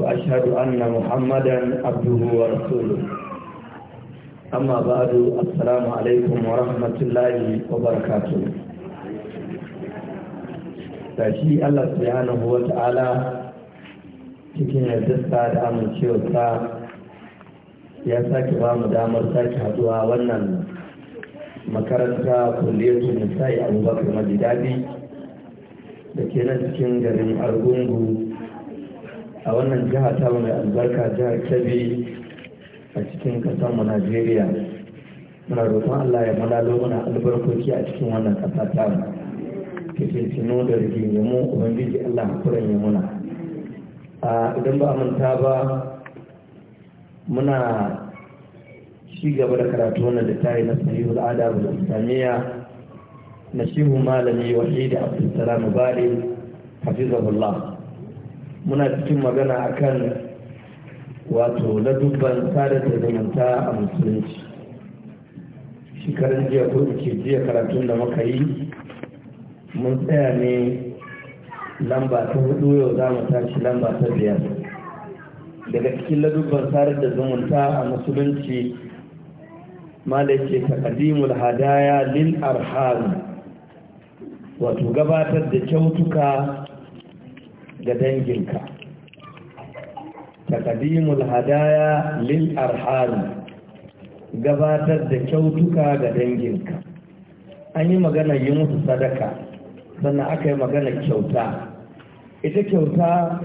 وأشهد أن محمدا عبده ورسوله أما بعد السلام عليكم ورحمة الله وبركاته Tashi Allah subhanahu wa ta'ala cikin yardarsa da amincewarsa ya sake ba mu damar sake haduwa wannan makaranta kulliyatul nisa'i abubakar madidadi da ke nan cikin garin argungu a wannan jiha ta mai albarka jihar kebbi a cikin kasanmu najeriya muna roƙon allah ya malalo mana albarkoki a cikin wannan ƙasa ta tino da rigingimu ubangiji allah hakuran ya muna a idan ba a manta ba muna ci gaba da karatu wannan da yi na sahihul adabul islamiyya na shehu malami wahidi abdulsalam bali hafizahullah muna cikin magana akan wato na dubban da zumunta a musulunci shekarun jiya ko ke jiya karatun da muka yi mun tsaya ne lamba ta hudu yau za mu tashi lamba ta biyar daga cikin ladubban sadar da zumunta a musulunci malake takadimul hadaya lil arhan wato gabatar da kyautuka da danginka taqdimul hadaya lil arham gabatar da kyautuka ga danginka an yi magana yi musu sadaka sannan aka yi magana kyauta ita kyauta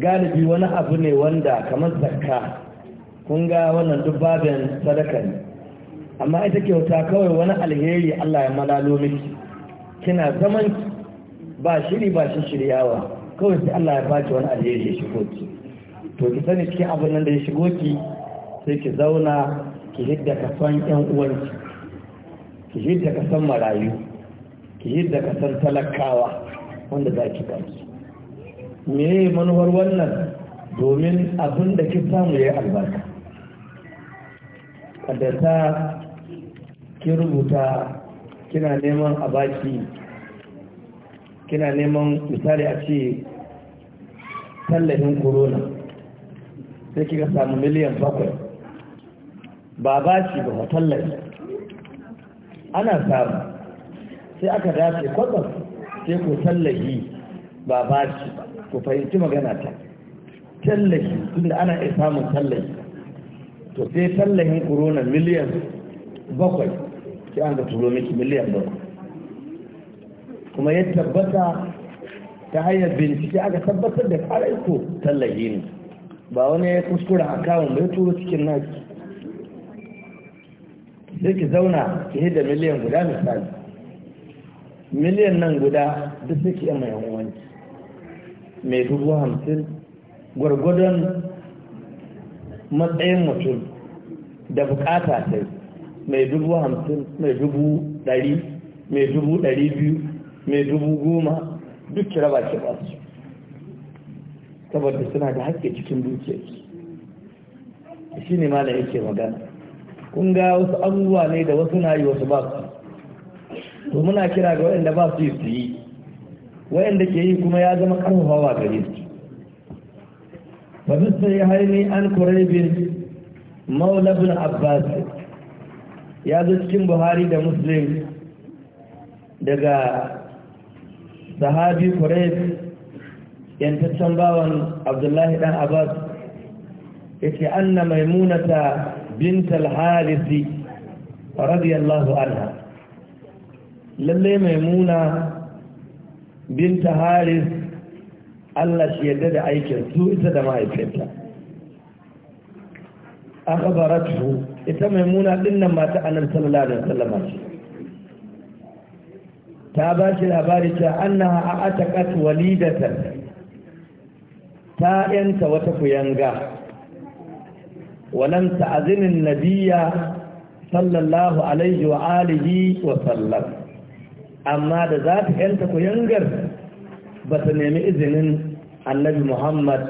galibi wani abu ne wanda kamar zakka kun ga wannan duk sadaka ne amma ita kyauta kawai wani alheri Allah ya malalo miki kina zaman ba shiri ba shi shiryawa kawai sai Allah ya baki wani alheri ya shigo ki to ki sani cikin abin nan da ya shigo ki sai ki zauna ki hidda ka san yan uwanki ki hidda ka san marayu ki hidda ka san talakawa wanda za ki baki me manuwar wannan domin abin da ki samu ya yi albarka kada ta ki rubuta kina neman a baki kina neman misali a ce tallafin corona sai kika samu miliyan bakwai ba ba shi ba tallafi ana samu sai aka dace kwatsam sai ku tallafi ba ba shi ku fahimci magana ta tallafi tunda ana iya samun tallafi to sai tallafin corona miliyan bakwai sai an ga turo miki miliyan bakwai kuma ya tabbata ta hanyar bincike aka tabbatar da karai ko tallahi ne ba wani ya kuskura a kawon bai turo cikin naki sai ki zauna ki da miliyan guda misali miliyan nan guda duk sai ki yi mai yawanci mai dubu hamsin gwargwadon matsayin mutum da bukata sai mai dubu hamsin mai dubu dari mai dubu dari biyu mai dubu goma duk kira raba ce ba su saboda suna da hakke cikin dukiyar shi ne da yake magana kun ga wasu abubuwa ne da wasu na yi wasu ba su to muna kira ga waɗanda ba su yi su yi waɗanda ke yi kuma ya zama ƙarfafawa gare su ba su yi haini an kurabin maulabin abbas ya zo cikin buhari da muslim daga sahabi kurayb yantaccen bawan abdullahi dan abbas yake anna maimunata bint al-harisi radiyallahu anha lalle maimuna Binta haris Allah shi yadda da aikin su ita da mahaifinta akhbaratu ita maimuna dinnan mata annabi sallallahu alaihi wasallam ce ta ba shi labari cewa annaha a atakat walidatan ta yanta wata kuyanga walam ta'zinin nabiyya sallallahu alaihi wa alihi wa sallam amma da za ta yanta kuyangar ba ta nemi izinin annabi muhammad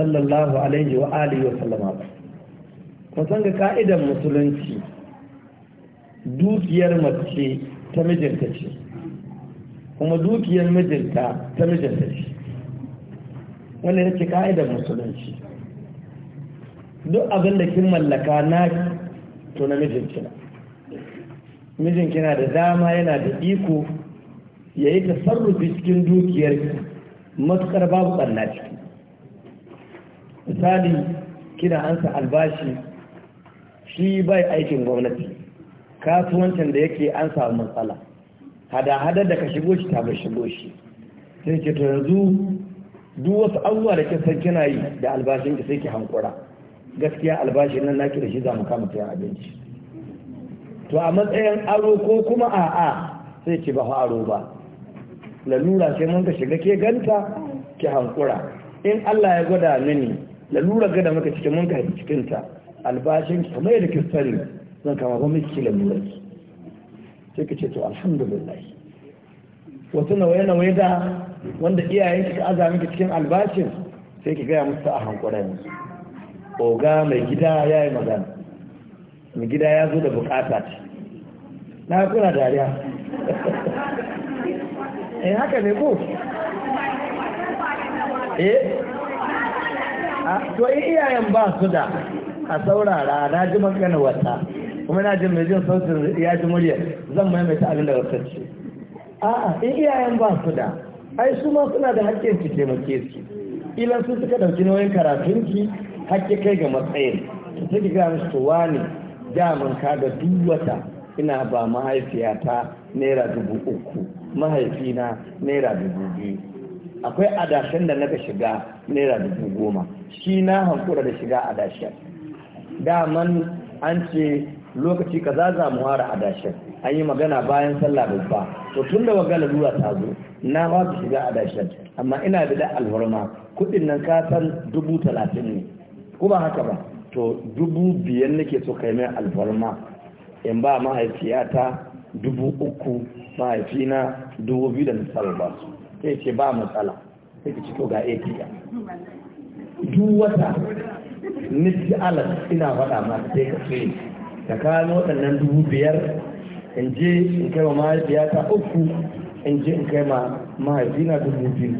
sallallahu alaihi wa alihi wa sallama ba kusan ga ka'idan musulunci dukiyar mace ta mijinta ce kuma dukiyar mijinta ta mijinta ce wanda yake ka'idar musulunci duk abin da kin mallaka na to na mijinki mijinki na da dama yana da iko ya yi tasarrufi cikin dukiyar matukar babu ɓanna ciki misali kina ansa albashi shi bai aikin gwamnati kasuwancin da yake an samu matsala hada-hada da ka shigo shi ta bai shigo shi sai ke to yanzu duk wasu abubuwa da kin san kina yi da albashin ki sai ki hankura gaskiya albashin nan naki da shi za mu kama ta abinci to a matsayin aro ko kuma a'a sai ki ba aro ba lalura sai mun ka shiga ke ganta ki hankura in Allah ya gwada mini lalura gada muka cikin mun ka cikin ta albashin ki kamar yadda ki sani zan kama ba miki lalura ki sai ka ce to alhamdulillah wasu nawaye-nawaye da wanda iyayen ka aza miki cikin albashin sai ki gaya musu a hankula oga mai gida ya yi magana mai gida ya zo da bukata ce na kuna dariya eh haka ne ko eh ah, to iyayen ba su da a saurara na ji magana wata kuma na jin mai jin sautin ya ji murya zan maimaita abin da wasu ce a'a in iyayen ba su da ai su ma suna da hakkin su taimake su ilan su suka dauki nauyin ki hakki kai ga matsayin su suke ga musu to wani daman ka ga duk wata ina ba mahaifiyata naira dubu uku mahaifina naira dubu biyu akwai adashen da na shiga naira dubu goma shi na hankura da shiga adashen daman an ce lokaci kaza za mu ware adashin an yi magana bayan sallah babba to tun da magana zuwa ta zo na ba ku shiga adashin amma ina da da alfarma kuɗin nan ka san dubu talatin ne ko ba haka ba to dubu biyar nake so kai mai alfarma in ba mahaifiyata dubu uku mahaifina dubu biyu da misal ba su sai ce ba matsala sai ki ciko ga atm duk wata nisi alas ina faɗa ma sai ka tsaye da kano waɗannan dubu biyar in je in kai ma mahaifiyata uku in je in kai ma mahaifina dubu biyu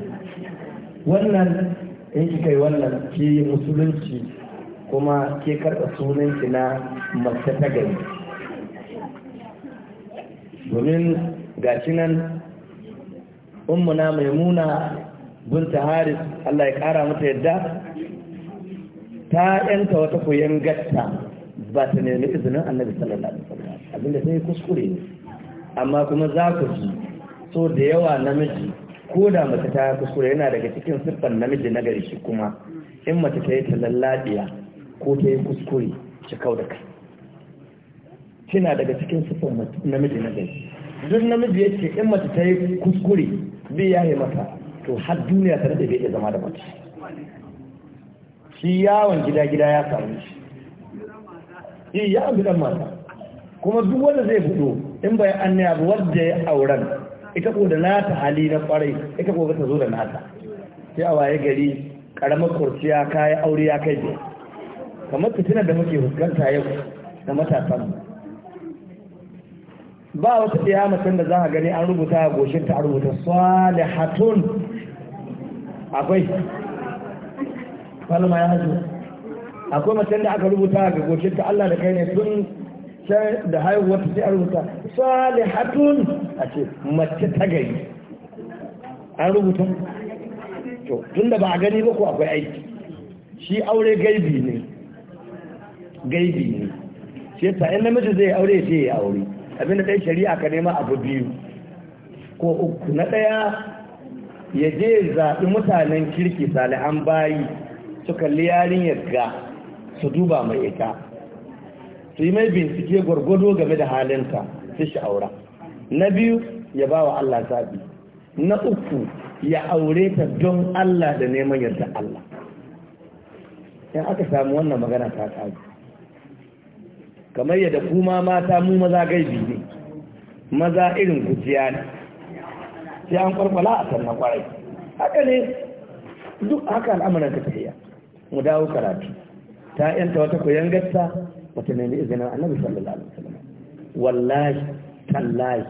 wannan in ki kai wannan ke musulunci kuma ke karɓa sunanki na mace ta gari domin gashi nan ummuna maimuna binta haris allah ya ƙara mata yadda ta yanta wata koyon gatta ba ta nemi izinin annabi sallallahu alaihi wasallam abinda sai kuskure ne amma kuma za ku ji so da yawa namiji ko da mace ta kuskure yana daga cikin siffar namiji na gari shi kuma in mace ta yi talallabiya ko ta yi kuskure ci kau da kai kina daga cikin siffar namiji na gari duk namiji ya ce in mace ta yi kuskure bi ya yi mata to har duniya ta da bai zama da mace shi yawon gida gida ya samu shi yi eh, ya abu mata kuma duk wanda zai fito in bai annaya ba wanda ya auren ita ko da nata hali na kwarai ita ko ta zo da nata sai a waye gari karamar kurciya kayan aure ya kai biyar kamar fitinar da muke fuskanta yau da matasan ba wata ɗaya macen da za a gani an rubuta a goshin ta rubuta salihatun akwai falma ya hajji akwai macen da aka rubuta ga goshin ta Allah da kai ne tun da haihuwar ta sai a rubuta salihatun a ce mace ta gari an rubuta to tun da ba a gani ba ko akwai aiki shi aure gaibi ne gaibi ne shi yasa in namiji zai aure sai ya aure abinda dai shari'a ka nema abu biyu ko uku na daya ya je zaɓi mutanen kirki salihan bayi suka liyarin yarga ga su duba mai ita su yi mai bincike gwargwado game da halinta su shi aura na biyu ya ba wa Allah zaɓi na uku ya aure ta don Allah da neman yarda Allah in aka samu wannan magana ta kaji kamar yadda kuma mata mu maza gaibi ne maza irin gujiya ne sai an kwarkwala a sannan kwarai haka ne duk haka al'amuran ka tafiya mu dawo karatu ta yanta wata koyan gasta wata nemi izinin annabi sallallahu alaihi wasallam wallahi tallahi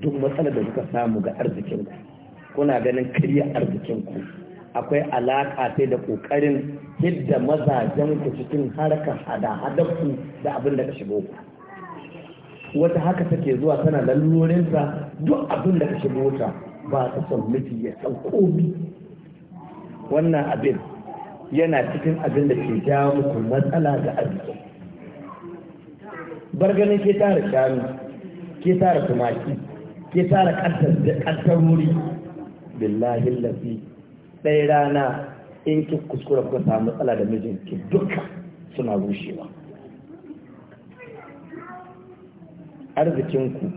duk matsalar da kuka samu ga arzikin ku kuna ganin karya arzikin ku akwai alaka sai da kokarin hidda mazajen ku cikin harkar hada-hadar da abin da ka shigo ku wata haka take zuwa tana lalurinsa duk abin da ka shigo ta ba ta son miji ya sauko komi wannan abin yana cikin abin da ke jawo muku matsala da arziki barganin ke tara shanu ke tara tumaki ke tara ƙantar wuri billahi lafi ɗaya rana in ki kuskura kuka samu matsala da mijinki duka suna rushewa arzikinku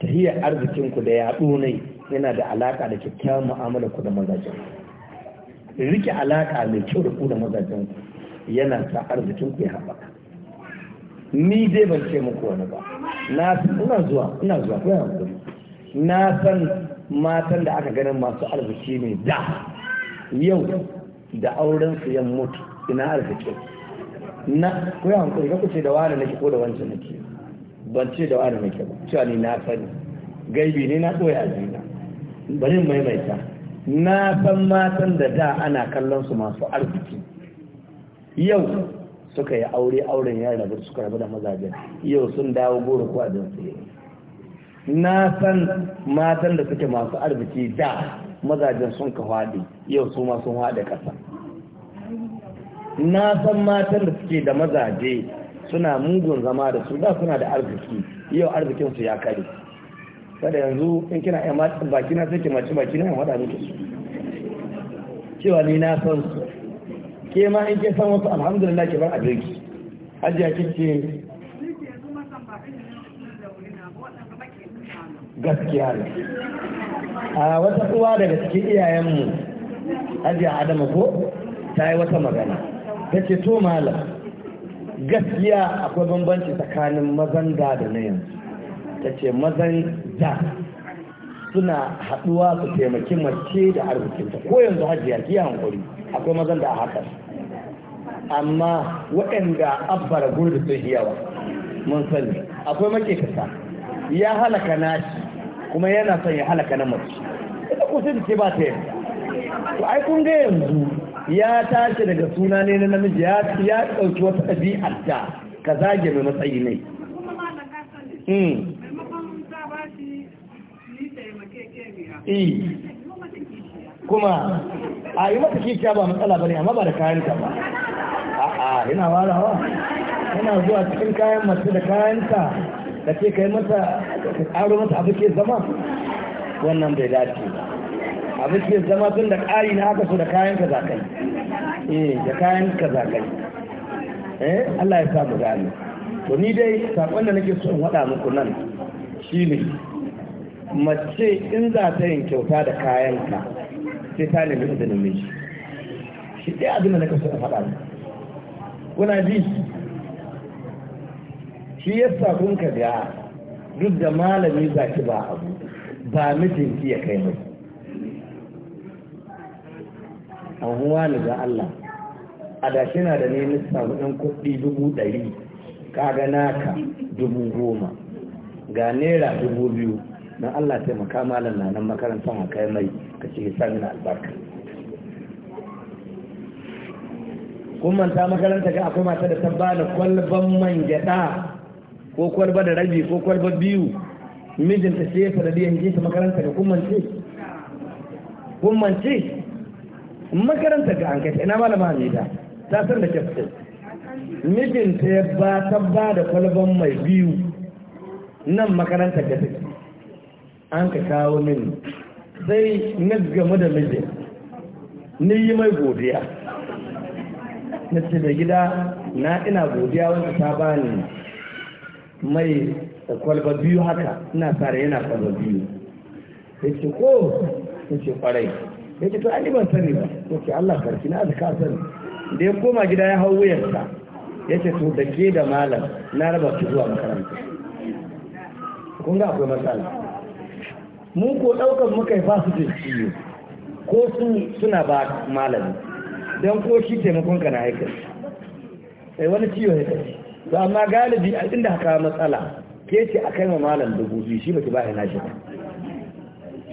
tahiyar arzikinku da yaɗo ne yana da alaƙa da kyakkyawar mu'amala ku da mazajen rike alaka mai kyau da ku da mazajen yana sa arzikin ku ya haɓaka ni dai ban ce muku wani ba na ina zuwa ina zuwa ko yana guri na san matan da aka ganin masu arziki ne da yau da auren su yan mutu ina arziki na ko yana guri ka kuce da wani nake ko da wancan nake ban ce da wani nake ba cewa ni na sani gaibi ne na tsoya a jina bari maimaita na san matan da da ana kallon su masu arziki yau suka yi aure auren ya rabu suka rabu da mazajen yau sun dawo goro ko abin su na san matan da suke masu arziki da mazajen sun ka haɗe yau su ma sun haɗe ƙasa na san matan da suke da mazaje suna mugun zama da su da suna da arziki yau su ya kare kada yanzu in kina ya matsa baki na sai mace baki na ya faɗa su cewa ni na san su ke ma in ke san wasu alhamdulillah ke bar a jirgi hajiya kike gaskiya ne a wata uwa daga cikin iyayenmu hajiya adama ko ta yi wata magana ta ce to malam gaskiya akwai bambanci tsakanin mazan da da na yanzu ta ce mazan fita suna haɗuwa su taimaki mace da arzikinta ko yanzu hajiya ki hankuri akwai mazan da a haka amma waɗanda abbara gurbi sun yi yawa mun sani akwai kasa ya halaka nashi kuma yana son ya halaka na mace ita sai ce ba ta yadda to ai kun ga yanzu ya tashi daga suna ne na namiji ya ɗauki wata ɗabi'ar ta ka zage mai matsayi ne hmm. eh kuma a yi mata kishiya ba matsala ba ne amma ba da kayan ta ba a'a yana warawa yana zuwa cikin kayan masu da kayan ta da ke kai mata ka karo mata abu ke zama wannan bai dace ba abu ke zama tun da ƙari na haka su da kayan ka zakai eh da kayan ka zakai eh Allah ya sa mu gane to ni dai sakon da nake so in wada muku nan shine mace in za ta yin kyauta da kayanka sai ta nemi izinin miji shi ɗaya abin da na kasu a faɗa ne, kuna ji shi sa kun ka ga duk da malami za ki ba abu ba mijinki ya kai mai an huwa ni ga Allah a da shi na da nemi samu ɗan kuɗi dubu ɗari ka ga naka dubu goma ga naira dubu biyu dan Allah taimaka malam na nan makarantar a kai mai ka ce sa mina albarka kun manta makaranta ga akwai mata da ta bani kwalban man gyada ko kwalba da rabi ko kwalba biyu mijinta ce ya sanadiyar jefa makaranta ga kun mance kun mance makaranta ga an kai ina malama da ta san da kyaftin mijinta ya ba ta ba da kwalban mai biyu nan makaranta ga take an ka kawo mini sai na game da miji ni yi mai godiya na ce da gida na ina godiya wanda ta bani mai kwalba biyu haka ina tsara yana kwalba biyu ya ce ko ya ce kwarai ya ce to an ban sani ba ya ce Allah karfi na da sani da ya koma gida ya hau wuyarsa ya ce to da ke da malam na raba ki zuwa makaranta kun ga akwai matsala mu ko ɗaukar muka ba su da ciwo ko su suna ba malami don ko shi taimakon ka na haikar sai wani ciwo haikar to amma galibi a inda haka matsala ke ce a kai ma malam dubu biyu shi baki ba ya nashi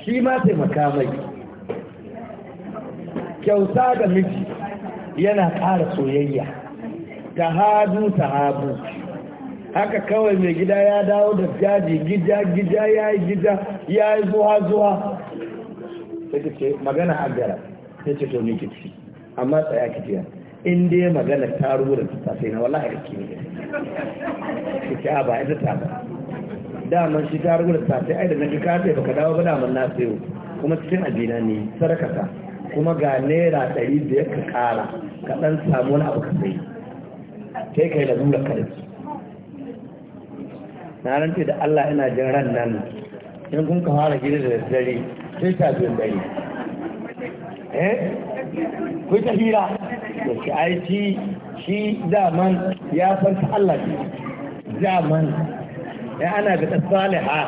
shi ma taimaka mai kyauta ga miji yana ƙara soyayya ta hadu ta habu haka kawai mai gida ya dawo da gaji gida gida ya yi gida ya yi zuwa zuwa sai ka ce magana a gara sai ce to ni ki ci amma tsaya ki tiya in dai magana ta rubuta ta sai na a kake ne ki ci ba ita ta ba daman shi ta rubuta ta sai ai da nake ka sai baka dawo ba daman na sayo kuma cikin abina ne sarakata kuma ga naira ɗari ya ka ƙara ka ɗan samu wani abu ka sai kai kai da nuna karfi na rance da Allah ina jin ran nan in kun ka fara gida da dare sai ta biyan dare eh ku ta hira da shi ai shi shi man ya farka Allah ne man. ya ana ga tsaliha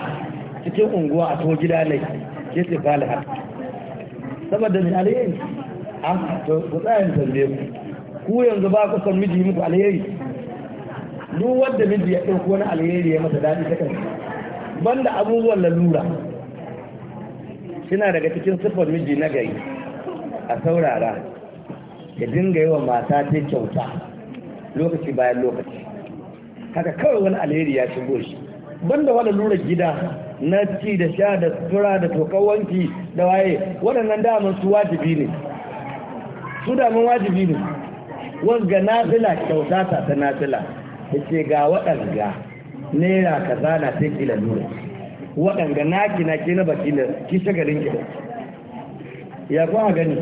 cikin unguwa a to gida ne ke tsaliha saboda ni alheri a ah, to ku tsaya ku ku yanzu ba ku san miji muku alheri duk wanda miji ya ɗauki wani alheri ya mata daɗi ta kansa banda abubuwan lalura suna daga cikin siffar miji na gari a saurara ya dinga yi wa mata ta kyauta lokaci bayan lokaci haka kawai wani alheri ya shigo shi banda wani lura gida na ci da sha da sutura da tokan wanki da waye waɗannan daman su wajibi ne su daman wajibi ne wanga nafila kyauta ta ta nafila yace ga waɗanga naira kaza na sai ki lalura waɗanga naki na ke na baki da ki shagalin ki ya kuma gani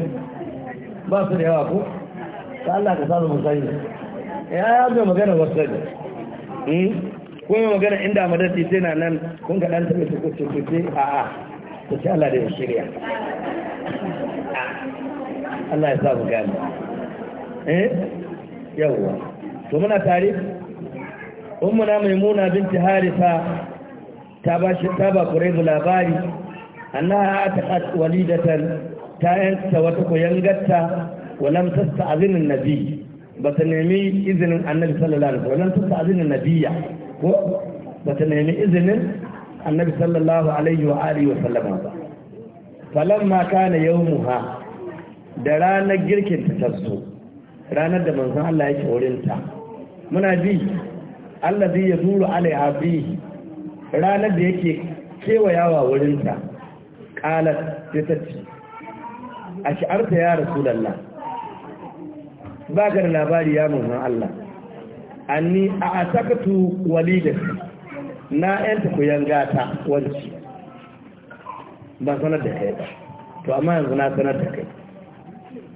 ba su da yawa ko ta Allah ka samu musani ya ya zo magana wasu ne hmm? ko yi magana inda madadi sai na nan kun ga ɗan tabe ku cikin ku a a ta ce Allah da ya shirya Allah ya sa mu gani eh yawwa to muna tarihi ummuna maimuna binti harisa ta ba shi ta ba kuraibu labari annaha ataqat walidatan ta yanta wata koyangarta walam tasta'zinin nabi ba ta nemi izinin annabi sallallahu alaihi wasallam tasta'zinin nabiyya ko ba ta nemi izinin annabi sallallahu alaihi wa alihi wa sallam ba falamma kana yawmuha da ranar girkin ta tazo ranar da manzon Allah yake wurin ta muna bi Allah allazi yazuru alaiha fihi ranar da yake kewayawa wurinta qalat sai ta ce a sha'arta ya rasulullah ba ga labari ya mun Allah anni a atakatu walidati na yanta ku yangata wanci ba sanar da kai ba to amma yanzu na sanar da kai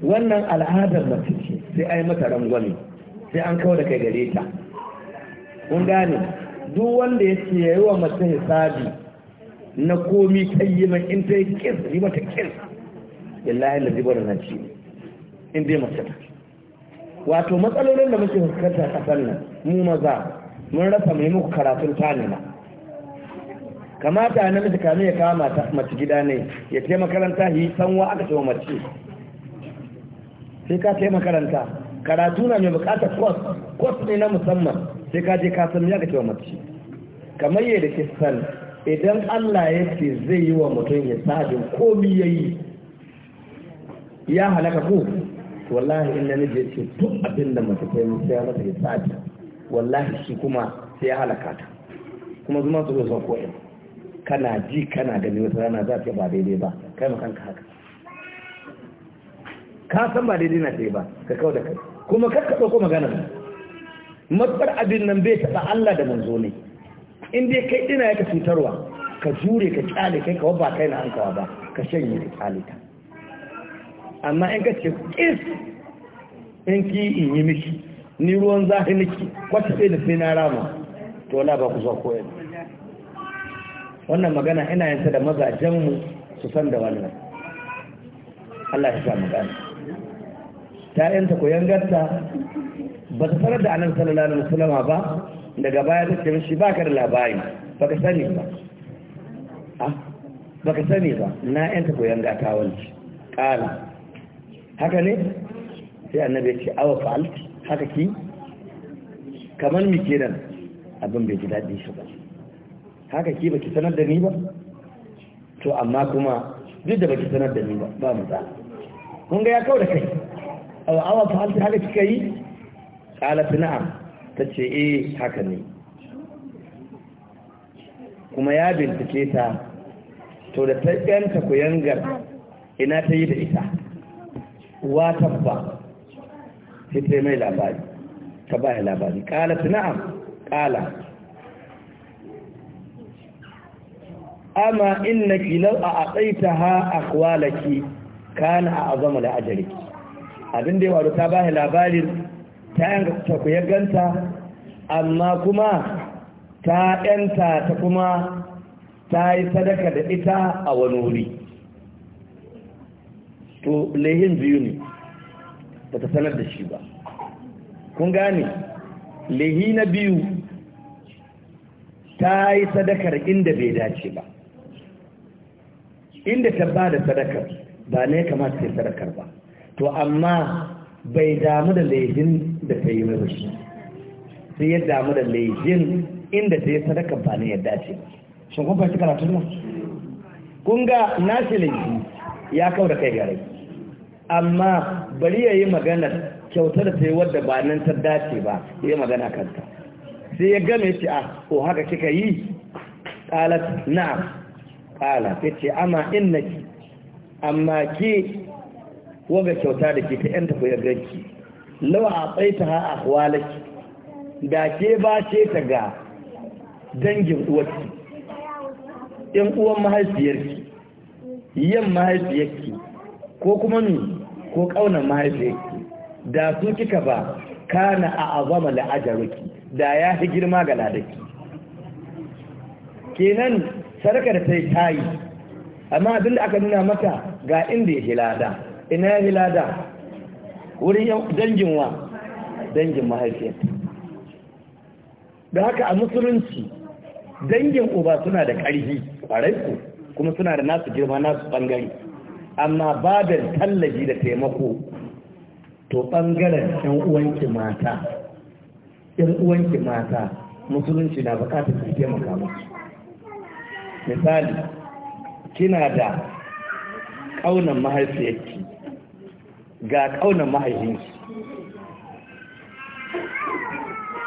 wannan al'adar mace ce sai ai mata rangwani sai an kawo da kai gare ta kun gane duk wanda ya ce yayi wa mace hisabi na komi mai in ta yi kis yi mata kis billahi lazi zibar nan ci in dai mace ta wato matsalolin da muke fuskanta a nan mu maza mun rasa mai muku karatun tanima kamata namiji kamin ya kama mace gida ne ya kai makaranta yi sanwa aka ce mace sai ka kai makaranta karatu na mai bukatar kwas kwas ne na musamman sai ka je ka san ya ka mace kamar yadda ke san idan Allah ya ce zai yi wa mutum ya sabin komi ya yi ya halaka ko wallahi in na ya ce duk abin da mace ta yi sai mata ya sajin wallahi shi kuma sai ya halaka ta kuma zuma su zo son ko'in kana ji kana gani wata rana za ta ba daidai ba kai ma kanka haka ka san ba daidai na ta yi ba ka kawo da kai kuma kakka ɗauko magana ba matsar abin nan bai taɓa Allah da manzo ne in dai kai ina ya ka cutarwa ka jure ka kyale kai ka ba kai na hankawa ba ka shanye ka kyale ta amma in ka ce kis in ki in yi miki ni ruwan zafi miki kwata sai da sai na rama to wala ba ku zo koyar wannan magana ina yin ta da mazajenmu su san da wannan Allah ya sa magana ta yanta ku yangarta ba ta sanar da anan sallallahu alaihi wasallam ba daga baya take ce mishi ba ka da labari ba ka sani ba ah, ba ka sani ba na yanta koyan gata wanci ƙala haka ne sai annabi ya ce awa fa'al haka ki kamar mi kenan abin bai ji daɗi shi ba haka ki ba ki sanar da ni ba to amma kuma duk da ba ki sanar da ni ba ba mu za kun ga ya kawo da kai awa awa fa'al haka kika yi qalat na'am ce eh haka ne kuma ya bincike ta to da ta yanta ku ina ta yi da ita wa tabba sai ta mai labari ta ba labari qalat na'am qala amma innaki ha a kwalaki kana a'zamu la ajriki abin da ya waru ta ba labarin ta yanta ku yaganta amma kuma ta yanta ta kuma ta yi sadaka da ita a wani wuri to lehin biyu ne ba ta sanar da shi ba kun gane lehi na biyu ta yi sadakar inda bai dace ba inda ta ba da sadakar ba ne kamata ta yi sadakar ba to amma bai damu da laifin da ta yi mai shi sai ya damu da laifin inda ta yi sadaka ba ne yadda ce shin kun fahimci karatun nan kun ga nashi laifi ya kau da kai gare amma bari ya yi magana kyauta da ta yi wadda ba nan ta dace ba ya yi magana kanta sai ya game ce a ah, ko haka kika yi na. kala ta ce amma ki amma ki wanga kyauta da ke ta yan tafi yardarki lawa a tsaita ha a walaki da ke ba ce ta ga dangin uwarki yan uwan mahaifiyarki yan mahaifiyarki ko kuma ni ko ƙaunar mahaifiyarki da su kika ba kana a azama la'ajaruki da ya fi girma ga ladaki kenan sarkar ta yi tayi amma abinda aka nuna mata ga inda ya lada ina ya lada wurin dangin wa dangin mahaifiyarta da haka a musulunci dangin uba suna da ƙarfi ƙwarai ku kuma suna da nasu girma nasu ɓangare amma ba tallafi da taimako to ɓangaren yan uwanki mata uwanki mata musulunci na bukatar su taimaka musu misali kina da ƙaunar mahaifiyarki ga ƙaunar mahaifinki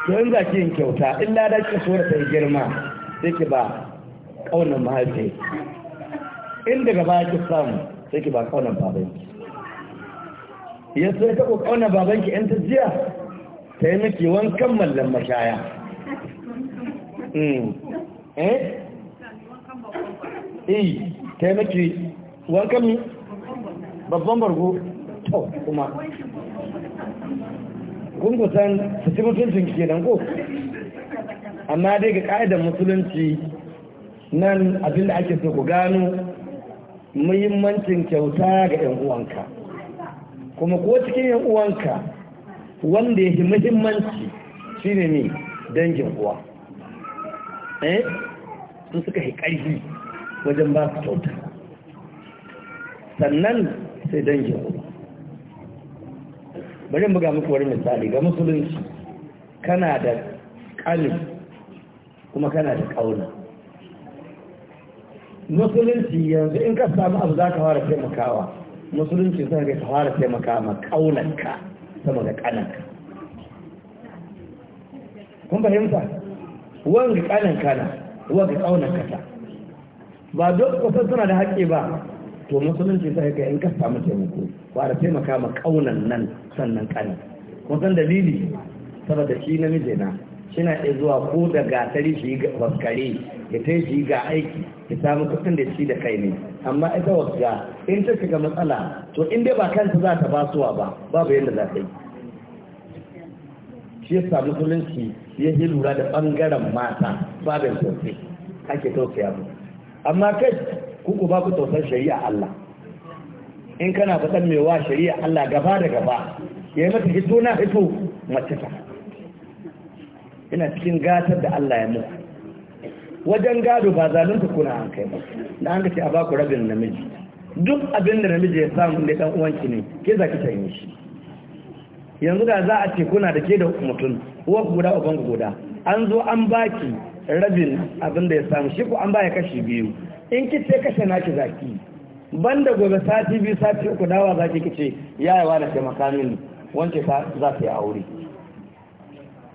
in za ki yin kyauta in lada ki so ta yi girma sai ki ba ƙaunar mahaifinki, in daga baya ki samu sai ki ba ƙaunar babanki ya sai taɓa ƙaunar babanki yan ta jiya ta yi miki wankan mallan mashaya mm. eh? eh ta yi miki wankan babban bargo to kuma kun su ci mutuncin nan ko amma dai ga ka'idar musulunci nan abin da ake so ku gano muhimmancin kyauta ga 'yan uwanka kuma ko cikin 'yan uwanka wanda ya fi muhimmanci shine ne dangin uwa eh su suka yi ƙarfi wajen ba su kyauta sannan sai dangin uwa bari buga muku wani misali ga musulunci kana da kalin kuma kana da ƙauna musulunci yanzu in ka samu abu za ka fara taimakawa musulunci sun ka fara taimaka ma ƙaunarka sama da kananka kun fahimta wanga ƙanan kana wanga kaunanka ta ba duk kusan suna da haƙƙi ba to musulunci sai ka in ka samu taimako ba da taimaka ma kaunan nan sannan kani kun san dalili saboda shi namiji na shina iya zuwa ko da gasari shi ga waskare ya ta shi ga aiki ya samu kusan da shi da kai ne amma ita wasga in ta shiga matsala to in dai ba kanta za ta basuwa ba babu yadda za ta yi shi ya samu musulunci ya yi lura da ɓangaren mata babin sosai ake tausaya mu amma kai ku ku ba ku tausar shari'a Allah in kana faɗan mai wa shari'a Allah gaba da gaba ya yi mata hito na hito mace ta ina cikin gatar da Allah ya muku wajen gado ba zalunta kuna an kai ba da an kace a baku rabin namiji duk abin da namiji ya samu da ɗan uwanki ne ke za ki tanye shi yanzu da za a ce kuna da ke da mutum uwa guda uban guda an zo an baki rabin abin da ya samu shi ku an baya kashi biyu in ki ce kashe naki zaki banda gobe sati biyu sati uku dawa zaki kice ya yi na taimaka mini wance ta za ta yi aure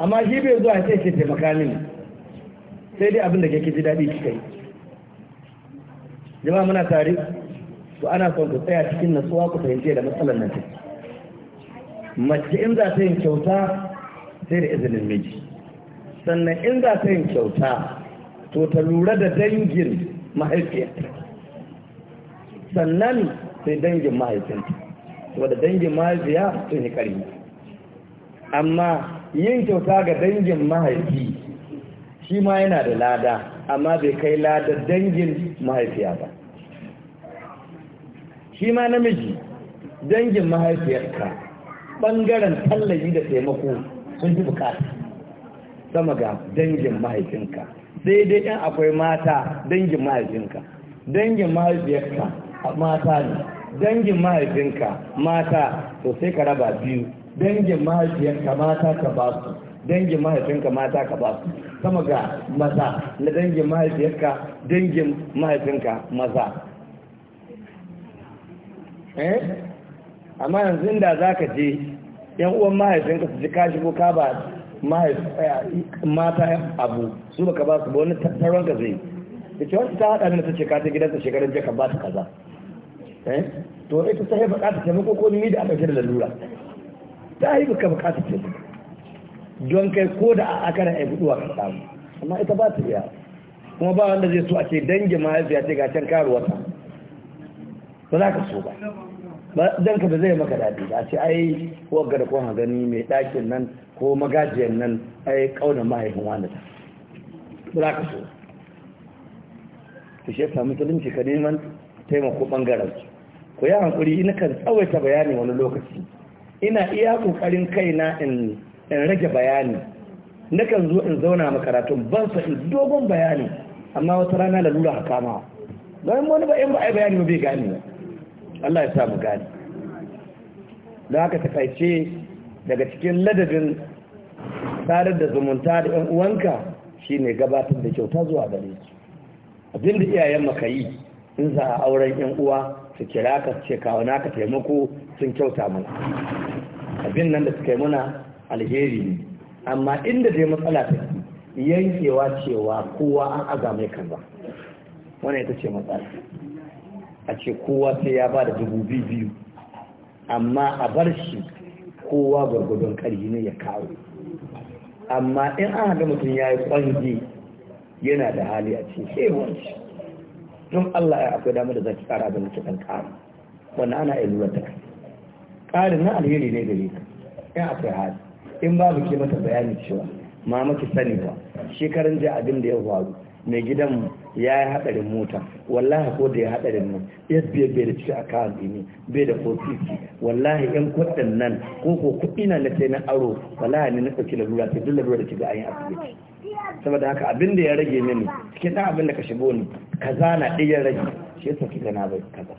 amma shi bai zuwa sai ce taimaka mini sai dai abin da ke ji daɗi kika yi jama'a muna tare to ana son ku tsaya cikin nasuwa ku fahimci da matsalar nan take mace in za ta yin kyauta sai da izinin miji sannan in za ta yin kyauta to ta lura da dangin mahaifiya sannan sai dangin mahaifinta wadda dangin mahaifiya sun yi ƙari amma yin kyauta ga dangin mahaifi shi ma yana da lada amma bai kai lada dangin mahaifiya ba shi ma namiji dangin mahaifiyarka ɓangaren tallafi da taimako sun fi bukata sama ga dangin mahaifinka sai dai ɗan akwai mata dangin mahaifinka dangin mahaifiyarka mata ne dangin mahaifinka mata to sai ka raba biyu dangin mahaifiyarka mata ka ba su dangin mahaifinka mata ka ba su sama ga maza na dangin mahaifiyarka dangin mahaifinka maza eh amma yanzu inda za ka je yan uwan mahaifinka su ji ka shigo ka ba Eh, mata eh, abu su baka ba su ba wani tattaron ka zai da ce wata ta haɗa na ta ce ka ta gidansa shekarar jiya ka ba ta kaza eh? to ita ta bukata ta taimako ko ni da aka da lalura ta yi ka bukata taimako don kai ko da a akaran ai buduwa ka samu amma ita ba ta iya kuma ba wanda zai so a ce dangin ya ce ga can karuwa ta ba za ka so ba dan ka da zai maka dadi a ce ai wagga da kuma gani mai ɗakin nan ko magajiyan nan ai kauna mahaifin wani ta ba ka so ta shi yasa musulunci ka neman taimako bangaren ku yi hankuri ina kan tsawaita bayani wani lokaci ina iya kokarin kaina in rage bayani na kan zo in zauna makaratun ban sa in dogon bayani amma wata rana lalura haka ma bayan wani ba in ba a yi bayani ba bai gane ba Allah ya sa mu gani da haka kaice daga cikin ladabin tsarar da zumunta da ‘yan uwanka shine gabatar da kyauta zuwa gare su abin da iyayen maka yi in za a auren ‘yan uwa su kira ka ce kawo naka taimako sun kyauta mana abin nan da suka yi muna alheri ne amma inda dai matsala ta yankewa cewa kowa an azama mai kaza wannan ita ce matsala a ce kowa sai ya ba da dubu biyu amma a bar shi kowa gwargwadon ƙarfi ne ya kawo amma in an haɗa mutum ya yi ƙwanji, yana da hali a ce sai wanci don Allah ya akwai damar da za ki ƙara abin da kiɗan ƙara wannan ana iya lura da ƙarin na alheri ne gare ka in akwai hali in babu ke mata bayani cewa ma maki sani ba shekaran jiya abin da ya faru mai gidan ya yi hadarin mota wallahi ko da ya hadarin nan ya biya bai da cikin akawun ne, bai da kofifi wallahi yan kudin nan ko ko kuɗi na sai na aro wallahi ne na ɗauki larura sai duk larura da ke an yi asibiti saboda haka abin da ya rage mini cikin ɗan abin da ka shigo ni kaza na ɗaya rage shi yasa kika na bai kaza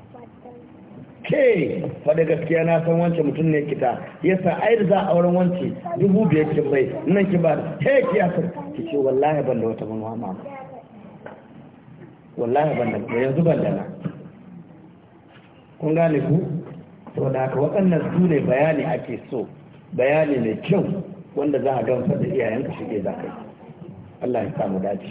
ke faɗi gaskiya na san wance mutum ne kita yasa ai za a wurin wance dubu biyar kin bai nan ki ba he ki asir ki ce wallahi ban da wata manuwa mama wallahi ban da yanzu ban da na kun gane ku to da haka waɗannan su ne bayani ake so bayani mai kyau wanda za a gamsar da iyayenka shige za yi Allah ya samu dace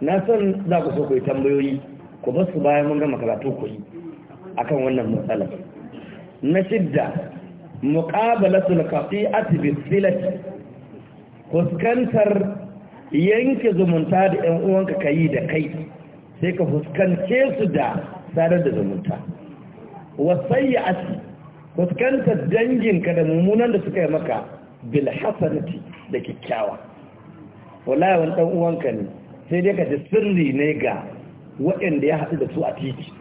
na san za ku so ku tambayoyi ku ba su bayan mun gama karatu ku yi akan wannan matsalar na shidda muqabalatul qati'ati bis silati fuskantar yanke zumunta da ‘yan uwanka ka yi da kai sai ka fuskance su da sadar da zumunta wasai ya asi fuskantar danginka da mummunan da suka yi maka bil hasanati da kyakkyawa wallahi wani ɗan uwanka ne sai dai ka ji sirri ne ga waɗanda ya haɗu da su a titi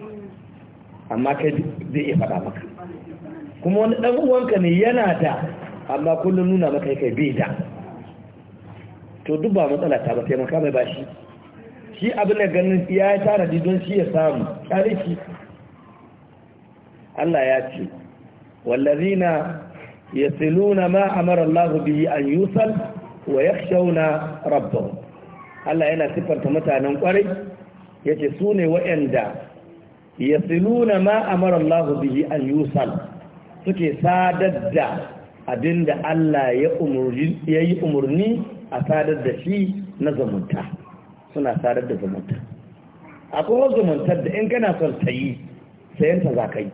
amma kai zai iya faɗa maka kuma wani ɗan uwanka ne yana da amma kullum nuna maka kai bai da to duk ba matsala ta ba taimaka mai bashi shi abin da ganin ya yi tanadi don shi ya samu kyaliki Allah ya ce wallazina yasiluna ma amara Allah bihi an yusal wa yakhshawna rabbahum Allah yana siffanta mutanen kwarai yace su ne waɗanda yasiluna ma amara Allah bihi an yusal suke sadar da abinda Allah ya umurni a sadar da shi na zumunta suna sadar da zumunta akwai kuma zumuntar da in kana son ta yi sayanta za ka yi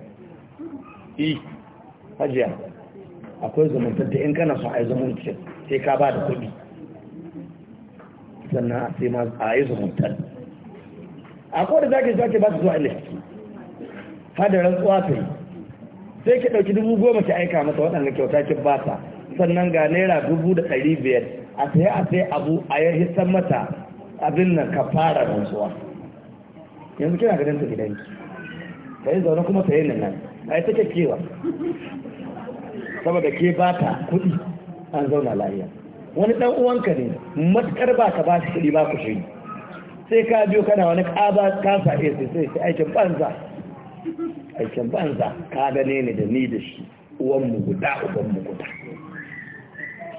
yi hajiya akwai zumuntar da in kana son a yi zumunci sai ka ba da kuɗi sannan a sai ma a yi a akwai da za ka yi za ba su zuwa ilifki hada rantsuwa ta yi sai ki ɗauki dubu goma ki aika masa waɗanda kyauta ki ba sannan ga naira dubu da ɗari biyar a sai a sai abu a ya hisar mata abin nan ka fara rantsuwa yanzu kina ganin ta gidanki ka yi zaune kuma yi nan a yi take kewa saboda ke ba ta kuɗi an zauna lafiya wani ɗan uwanka ne matuƙar ba ka ba shi kuɗi ba ku shi sai ka biyo kana wani ƙaba kasa iya sai sai sai aikin banza aikin banza ka gane ni da ni da shi uwanmu guda mu guda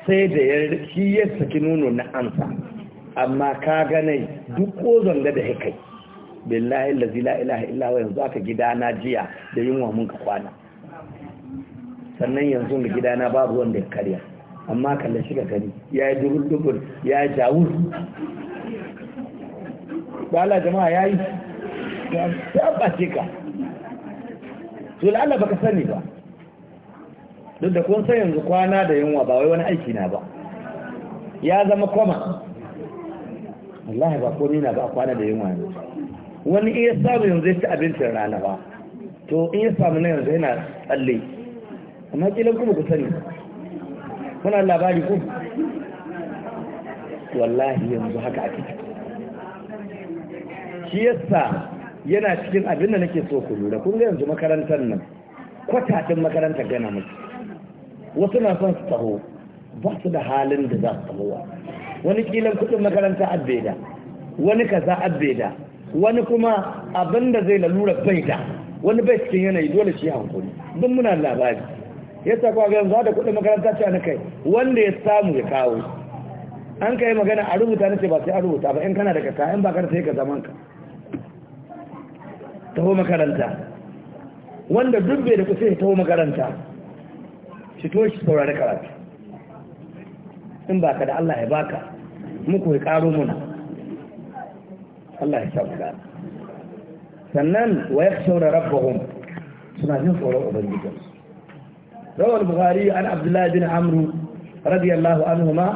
sai da ya shi ya saki nuno na ansa amma ka ganai duk ko zanga da haikai. billahi allazi la ilaha illa wa yanzu aka gidana jiya da yunwa mun ka kwana sannan yanzu gida gidana babu wanda ya karya amma kallon shi ga gani ya yi dubul ya yi jawur ba jama'a ya yi ta ɓace ka to la'ala baka sani ba duk da kun san yanzu kwana da yunwa ba wai wani aiki na ba ya zama kwama Allah ba ko nina ba kwana da yunwa ne wani iya samu yanzu ya ci abincin rana ba to in ya samu na yanzu yana tsalle amma kilan kuma ku sani kuna labari ku wallahi yanzu haka ake shi yasa yana cikin abin da nake so ku lura kun ga yanzu makarantar nan kwatatin makarantar gana mutu wasu na son su taho ba su da halin da za su tahowa wani kilan kudin makaranta abbeda wani kaza abbeda wani kuma abin da zai lalura bai da wani bai cikin yanayi dole shi hankali don muna labari ya sa kwa yanzu da kudin makaranta ce na kai wanda ya samu ya kawo an kai magana a rubuta na ce ba sai a rubuta ba in kana da kasa in ba ka sai ka zaman ka taho makaranta wanda duk bai da kusa ya taho makaranta fito shi saurari karatu in ba ka da Allah ya baka muku ya karo muna Allah ya sa muka sannan wa ya saurara bahun suna jin tsoron ubangijinsu rawar Bukhari an abdullahi bin amru radiyallahu anhu ma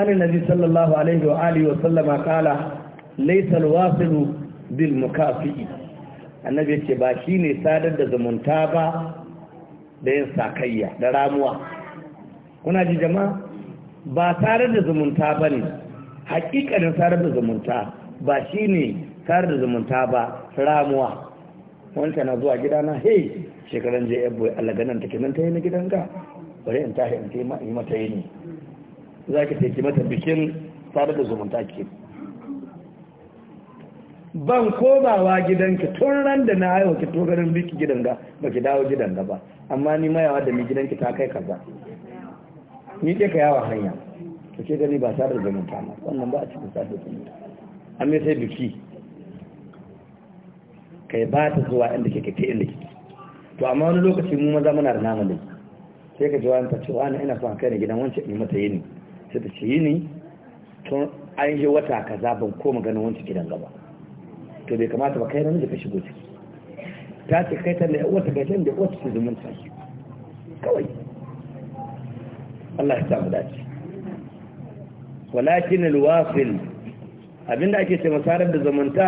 an nabi sallallahu alaihi wa alihi wa sallama kala laysa alwasilu bil mukafi annabi yace ba shine sadar da zamunta ba da yin sakayya da ramuwa kuna ji jama'a ba tare da zumunta ba ne hakikanin tare da zumunta ba shi ne tare da zumunta ba ramuwa wancan na zuwa gidana hey shekaran je yabbo Allah ganan take nan ta yi na ga bari in tashi in taima in mata yi ne za ki teki mata bikin tare da zumunta ke ban komawa gidanki tun ran da na haihu ki to ganin biki ga ba ki dawo gidan ga ba amma ni mayawa da mai gidanki ta kai kaza ni ke ka yawa hanya to ke gani ba sadar zumunta ma wannan ba a cikin sadar zumunta amma sai biki kai ba ta zuwa inda kike ta inda kike to amma wani lokaci mu maza muna da nama ne sai ka jawo ta cewa ana ina son kai ne gidan wancan in mata yini sai ta ce yini tun an yi wata kaza ban koma ganin wancan gidan gaba to bai kamata ba kai da ka shigo ciki ta ce kai ta da uwarta kai ta da uwarta ce kawai Allah ya samu dace walakin alwafil abinda ake ce masarar da zumunta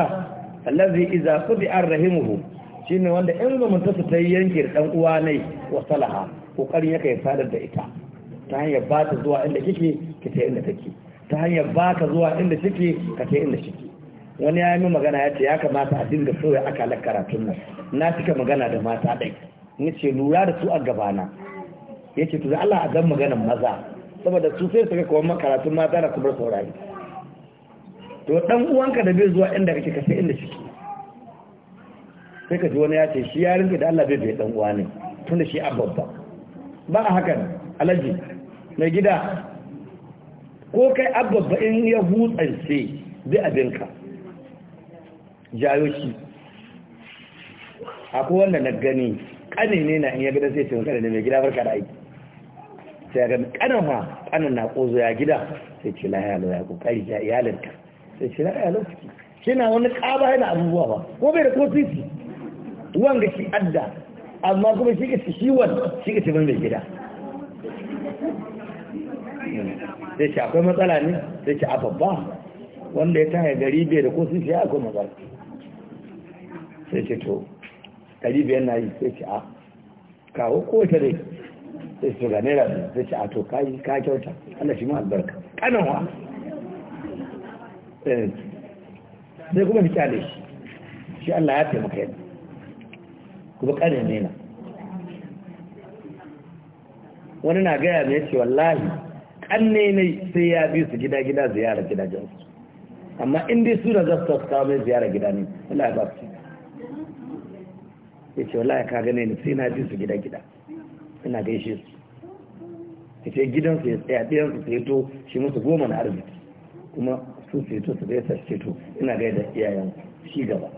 allazi idza qudi arrahimuhu shine wanda in zumunta su ta yanke dan uwa ne wa salaha kokarin yake ya sadar da ita ta hanyar ba ta zuwa inda kike kike inda take ta hanyar ba ka zuwa inda kike kake inda kike wani ya yi magana ya ce ya kamata a dinga soya akalar karatun nan na cika magana da mata ɗai ni ce lura da su a gabana ya ce tuzi Allah a zan maganan maza saboda su sai su ga kuma mata na kuma saurari to dan uwanka da bai zuwa inda kake kasa inda shi sai ka ji wani ya ce shi ya rinka da Allah bai bai dan uwa ne tun da shi a babba ba a hakan alaji mai gida ko kai abba in ya hutsance bi abinka jayo shi akwai wanda na gani kanin ne na in ya gida sai cikin kanin da mai gida barka da aiki sai ya gani kanin ma kanin na ƙozo ya gida sai ce lahiya lau ya ƙoƙari ya iyalinka sai ce lahiya lau ciki shi na wani ƙaba yana abubuwa ba ko bai da ko titi wanga shi adda amma kuma shi ka shi shiwon shi ka cikin mai gida sai ce akwai matsala ne sai ce a babba wanda ya taya gari bai da ko titi ya akwai matsala sai ce to ɗari biyar na yi sai ce a ah, kawo ko ta dai sai su ga naira biyu sai ce a ah, to ka yi ka kyauta Allah shi ma albarka kanawa eh. sai kuma fita da shi shi Allah ya taimaka yadda kuma kanin nena wani na gaya mai ce wallahi kanne ne sai ya bi su gida-gida ziyara gidajensu amma in dai su da zasu kawo mai ziyara gida ne Allah ya ba su ya ce wallahi ka gane ni sai na ji su gida gida ina gaishe su ya ce gidansu ya tsaya ɗayan su ceto shi musu goma na arziki kuma su ceto su gaisa su ceto ina gaida iyayen shi gaba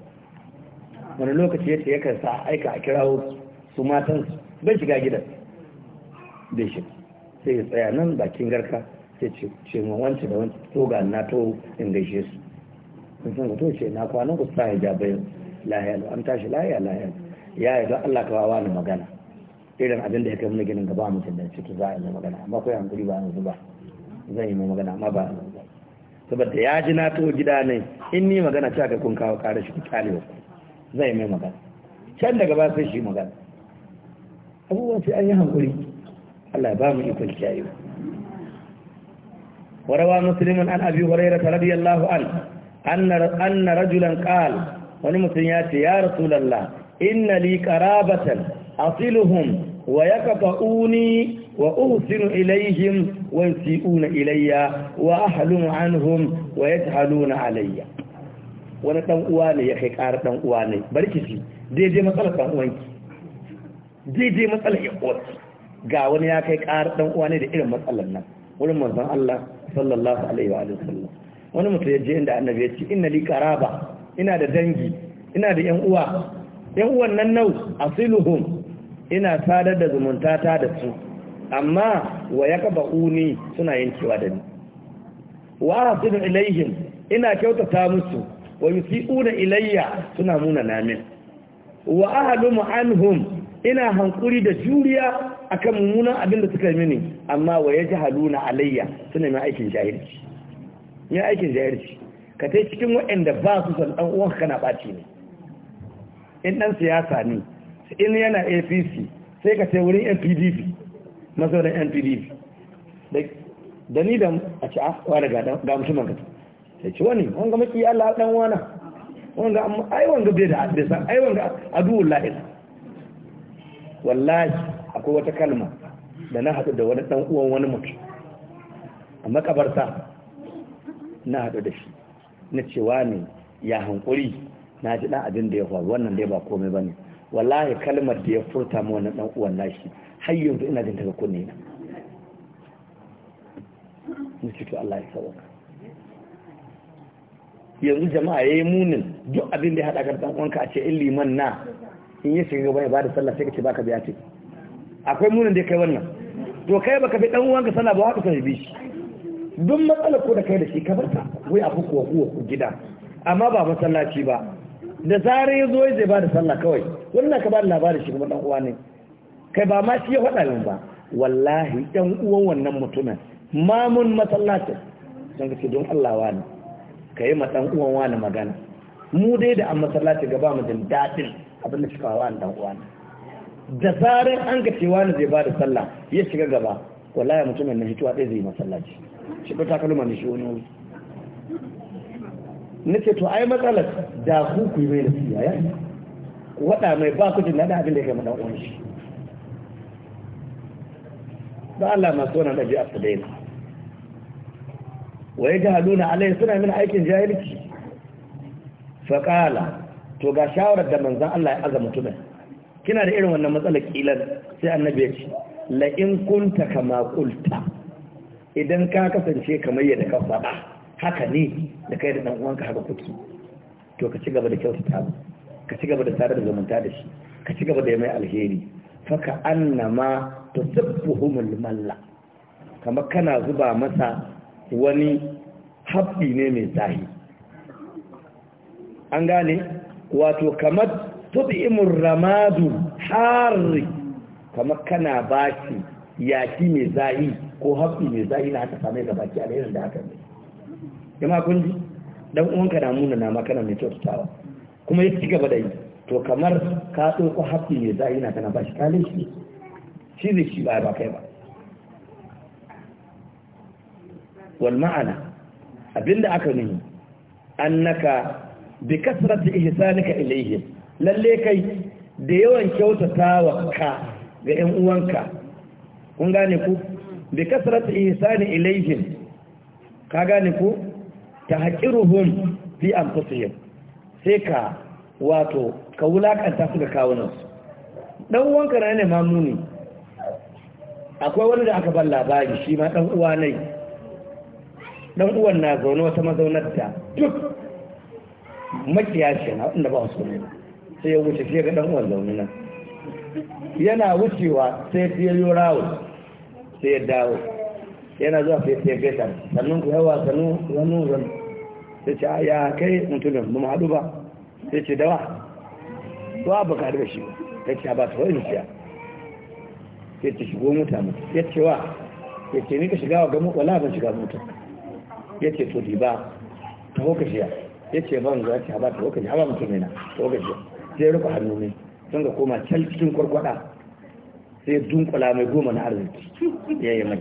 wani lokaci ya ce yakan sa aika a kirawo su matan su bai shiga gidan bai shi sai ya tsaya nan bakin garka sai ce ma wance da wance to ga na to in gaishe su sun san ka to ce na kwanan ku sa bayan lahiyar an tashi lahiyar lahiyar ya yi don Allah ka wani magana irin abin da ya kai mana ginin gaba mutum da ciki za a yi magana amma kawai hankali ba yanzu ba zan yi magana amma ba saboda ya ji na to gida ne in ni magana ta ga kun kawo kare shi zan yi mai magana can daga ba sai shi magana abubuwan sai an yi hankali Allah ba mu ikon kiyaye warawa muslimin an abi hurairah radiyallahu an anna anna rajulan qal wani mutum ya ce ya rasulullah inna li qarabatan asiluhum wa yaqta'uni wa uhsinu ilayhim wa yasi'una ilayya wa ahlumu anhum wa yajhaluna alayya wani dan uwa ne ya kai ƙara dan uwa ne barkici daidai matsalar dan uwanki daidai matsalar yakuwarki ga wani ya kai ƙara dan uwa ne da irin matsalar nan Wani manzon Allah sallallahu alaihi wa sallam wani mutum ya je inda annabi ya ce inna li qaraba ina da dangi ina da yan uwa yan wannan nau asiluhum ina sadar da zumunta ta da su amma wa ya kaba uni suna yankewa da ni wa asilu ilaihim ina kyautata musu wa yusiuna ilayya suna muna namin wa ahalumu anhum ina hankuri da juriya akan mummunan abin da suka yi mini amma wa yajhaluna alayya suna mai aikin jahilci ne aikin jahilci ka tai cikin waɗanda ba su san ɗan uwanka kana ɓaci ne in ɗan siyasa ne in yana apc sai ka ce wurin npdp mazaunin npdp da ni da a ci afuwa ah, ga mutum ka sai ci wani wanga maki allah dan wana wanga amma ai wanga bai da abisa ai wanga aduwul la'ila wallahi akwai wata kalma da na haɗu da wani ɗan uwan wani mutum a makabarta na haɗu da shi na cewa ne ya hankuri na ji dan abin da ya faru wannan dai ba komai bane wallahi kalmar da ya furta mu wannan dan uwan nashi har yanzu ina jin daga kunne na ni to Allah ya sauka yanzu jama'a yayi munin duk abin da ya hada kan uwan ka a ce in liman na in ya shiga gaba ya bada sallah sai ka ce baka biya ce akwai munin da kai wannan to kai baka bi dan uwanka sallah ba haka sai bi shi duk matsalar ko da kai da shi ka barka wai abu ko kuwa gida amma ba masallaci ba da zarar ya zo ya zai ba da sallah kawai wannan ka ba da labarin shi kuma dan uwa ne kai ba ma shi ya faɗa min ba wallahi ɗan uwan wannan mutumin mamun masallaci sun ka ce don Allah wani ka yi ma ɗan uwan wani magana mu dai da an masallaci gaba mu jin daɗin abin da suka wani ɗan uwan da zarar an ga cewa wani zai ba da sallah ya shiga gaba wallahi mutumin na hituwa ɗaya zai yi masallaci shi ba takalma ne shi wani wuri na ce to ai matsalar da ku ku yi mai siya ya waɗa mai ba ku jin abin da ya kai maɗan uwan ba Allah masu wannan ɗabi'a su daina wa ya jahaluna alai suna min aikin jahilci faƙala to ga shawarar da manzan Allah ya aza mutumin kina da irin wannan matsalar ƙilan sai annabi ya ce in kunta kama kulta idan ka kasance kamar yadda ka faɗa haka ne da kai da dan uwanka haka kuke to ka ci gaba da kyautata mu ka ci gaba da tare da zumunta da shi ka ci gaba da mai alheri faka annama tusabbuhumul malla kamar kana zuba masa wani haɓɓi ne mai zahi an gane wato kamar tubi'imur ramadu harri kamar kana shi yaki mai zahi ko haɓɓi mai zahi na haka samai ga baki alherin da haka ne jama'a kun ji dan uwanka na muna na makana mai kyautatawa kuma ya ci gaba da yi to kamar ka tsoko haƙƙi ne za na kana bashi kalin shi shi zai shi ba ba kai ba wal ma'ana abinda aka nuni annaka bi kasrati ihsanika ilayhim lalle kai da yawan kyautatawa ka ga 'yan uwanka kun gane ku bi kasrati ihsani ilayhim ka gane ku ta haƙiruhun fi an fusiyin sai ka wato ka wulaƙanta su ga kawunansu ɗan wanka na ne mamuni akwai wani da aka ban labari shi ma ɗan uwa nai ɗan uwan na zaune wata mazaunar ta duk makiyashi na inda ba wasu ne sai ya wuce fiye ga ɗan uwan zaune nan yana wucewa sai fiye yi rawun sai ya dawo yana zuwa fiye fiye gaisa sannan ku yawa sannu sannu sannu sai ce ah, ya kai mutumin ba mu haɗu ba sai ce dawa ba ba ka da shi ba ta ce ba ta wani siya ya ce shigo mota mutu ya ce wa ya ce ni ka shiga wa gamu wala ban shiga mota ya ce to ba ta hoka shiya ya ce ban zuwa ce ba ta hoka shiya ba mutum na ta hoka shiya sai rufe hannu ne sun ga koma can cikin kwarkwada sai dunkula mai goma na arziki ya yi mai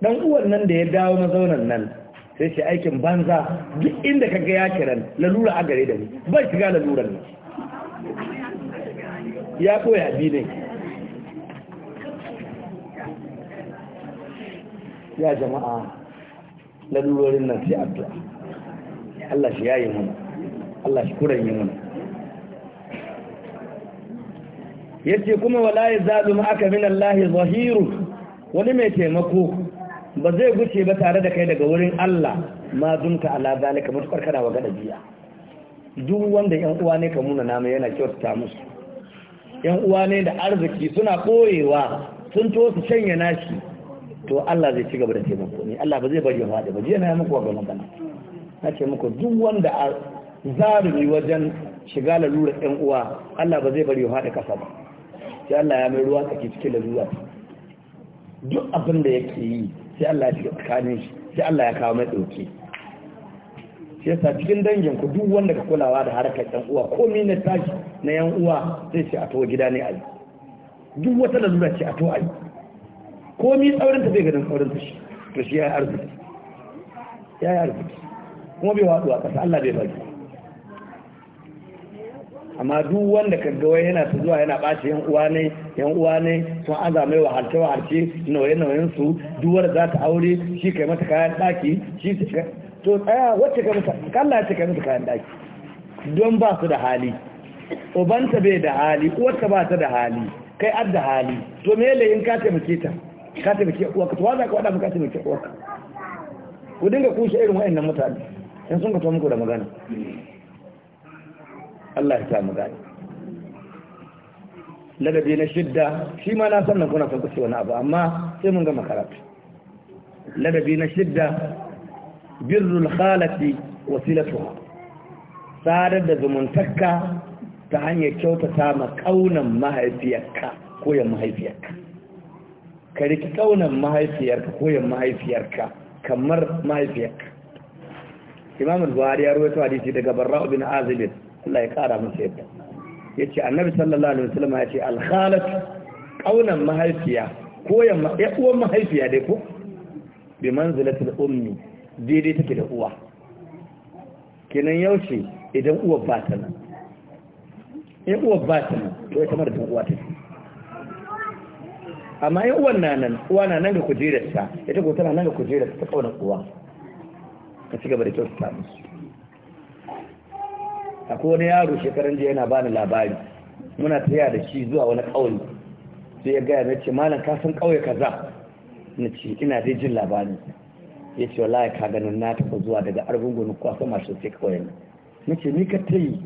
dan uwan nan da ya dawo mazaunan nan sai shi aikin banza duk inda ka ga ya kiran lalura a gare da ni bai shiga lalurar ne ya koya bi ne ya jama'a lalurorin nan sai addu'a Allah shi yayi mana Allah shi kuran yi mana yace kuma wala yazalu ma aka min Allah zahiru wani mai taimako ba zai guce ba tare da kai daga wurin Allah ma dunka ala zalika mutukar kana wa gada biya duk wanda yan uwa ne ka muna namu yana kyautata musu yan uwa ne da arziki suna koyewa sun to su shanye nashi to Allah zai ci gaba da taimako ne Allah ba zai bari ya da ba jiya na muku wa magana na ce muku duk wanda a zarumi wajen shiga lalura yan uwa Allah ba zai bari ya faɗi kasa ba sai Allah ya mai ruwa tsaki cikin lalura duk abin da yake yi sai Allah ya shiga tsakanin shi sai Allah ya kawo mai dauki shi yasa cikin dangin ku duk wanda ka kulawa da harkar ɗan uwa ko na tashi na yan uwa sai ce a to gida ne ayi duk wata lalura ce a to ayi komai tsaurin ta zai dan tsaurin ta shi to shi ya yi arziki ya yi arziki kuma bai a ƙasa Allah bai baki amma duk wanda kaga wai yana zuwa yana ɓace yan uwa ne yan uwa ne sun aza mai wahalce wahalce nauye nauyen su duk wanda za ta aure shi kai mata kayan ɗaki shi to tsaya wacce ka mata kalla ce ka mata kayan ɗaki don ba su da hali ubanta bai da hali uwarta ba ta da hali kai ad da hali to me in ka taimake ta ka taimake uwarka to wanda ka wada ka taimake uwarka ku dinga kushe irin wa'annan mutane in sun ka to muku da magana Allah ya sa mu gani ladabi na shidda shi ma na sannan kuna son kusa wani abu amma sai mun gama karatu ladabi na shidda birrul khalati wasilatuha sadar da zumuntakka ta hanyar kyautata ma kaunan mahaifiyarka ko yan mahaifiyarka ka riki kaunan mahaifiyarka ko yan mahaifiyarka kamar mahaifiyarka imam al-buhari ya rawaito hadisi daga barra'u bin azib Allah ya kara masa yadda ya ce annabi sallallahu alaihi wasallam ya ce alkhalat kaunan mahaifiya koyan ya uwan mahaifiya dai ko bi manzilatul ummi daidai take da uwa kenan yaushe idan uwa ba ta nan in uwa ba ta nan to ita mara uwa ta amma in uwan na nan uwa na nan ga kujerarsa ita ko tana nan ga kujerarsa ta kaunar uwa ka ci gaba da kyautata musu akwai wani yaro shekaran jiya yana bani labari muna tafiya da shi zuwa wani ƙauye sai ya gaya na ce malam ka san ƙauye kaza na ce ina dai jin labari ya ce wallahi ka ganin na taɓa zuwa daga argungun kwasa masu sai ƙauyen na ce ni ka ta yi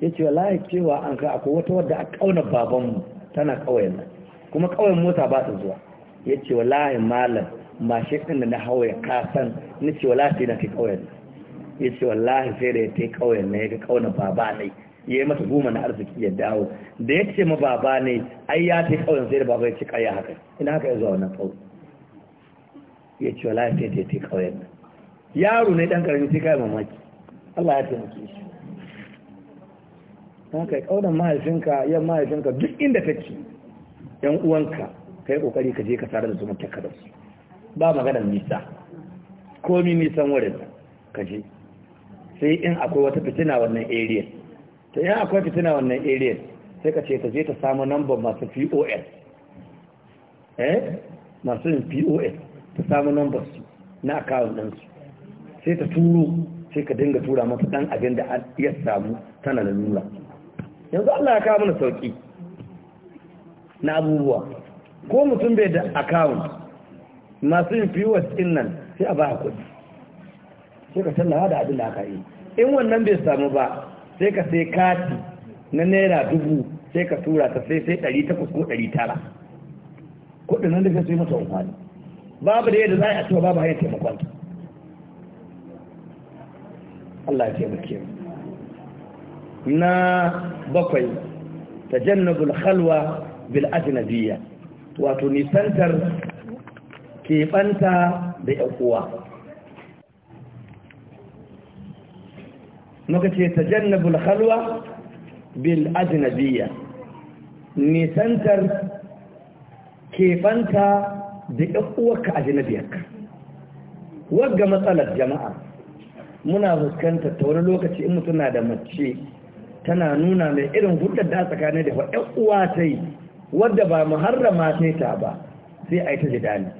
ya ce wallahi cewa an ka akwai wata wadda a ƙauna babanmu tana ƙauyen nan kuma ƙauyen mota ba ta zuwa ya ce wallahi malam ma ɗin da na hawaye ya kasan ni ce wallahi na kai ƙauyen nan ya ce wallahi sai da ya ta kawai na ya ga kauna baba ne ya yi masa goma na arziki ya dawo da ya ce ma baba ne ai ya ta kawai sai da baba ya ce kaya haka ina haka ya zuwa wannan kawai ya ce wallahi sai da ya ta kawai na yaro ne dan karami sai kai mamaki Allah ya taimake shi kai ya kaunan mahaifinka yan mahaifinka duk inda kake yan uwanka kai kokari ka je ka tare da su mutakka da su ba maganar nisa komi nisan wurin ka je sai in akwai wata fitina wannan area ta in akwai fitina wannan area sai ka ce ta je ta samu number masu pos eh masu yin pos ta samu namban su na akawun ɗansu sai ta turo sai ka dinga tura mata ɗan abin da ya samu tana da nuna yanzu allah ya kawo mana sauƙi na abubuwa ko mutum bai da akawun masu yin pos ɗin nan sai a ba kuɗi sai ka tallawa da abin da aka yi in wannan bai samu ba sai ka sai kati na naira dubu sai ka tura ta sai sai ɗari takwas ko ɗari tara kuɗin nan da sai sai mata amfani babu da yadda za a cewa babu hanyar taimakon Allah ya taimake mu na bakwai ta jannabul khalwa bil ajnabiyya wato nisantar keɓanta da ƴan uwa muka ce ta tajannabul halwa bil ajnabiya nisantar kefanta da ɗan'uwarka a janabiyarka wagga matsalar jama'a muna fuskantar ta wani lokaci in mutum na da mace tana nuna mai irin hudar da tsakani da fa uwa ta yi wadda ba mu harrama ta ba sai a yi ta jidani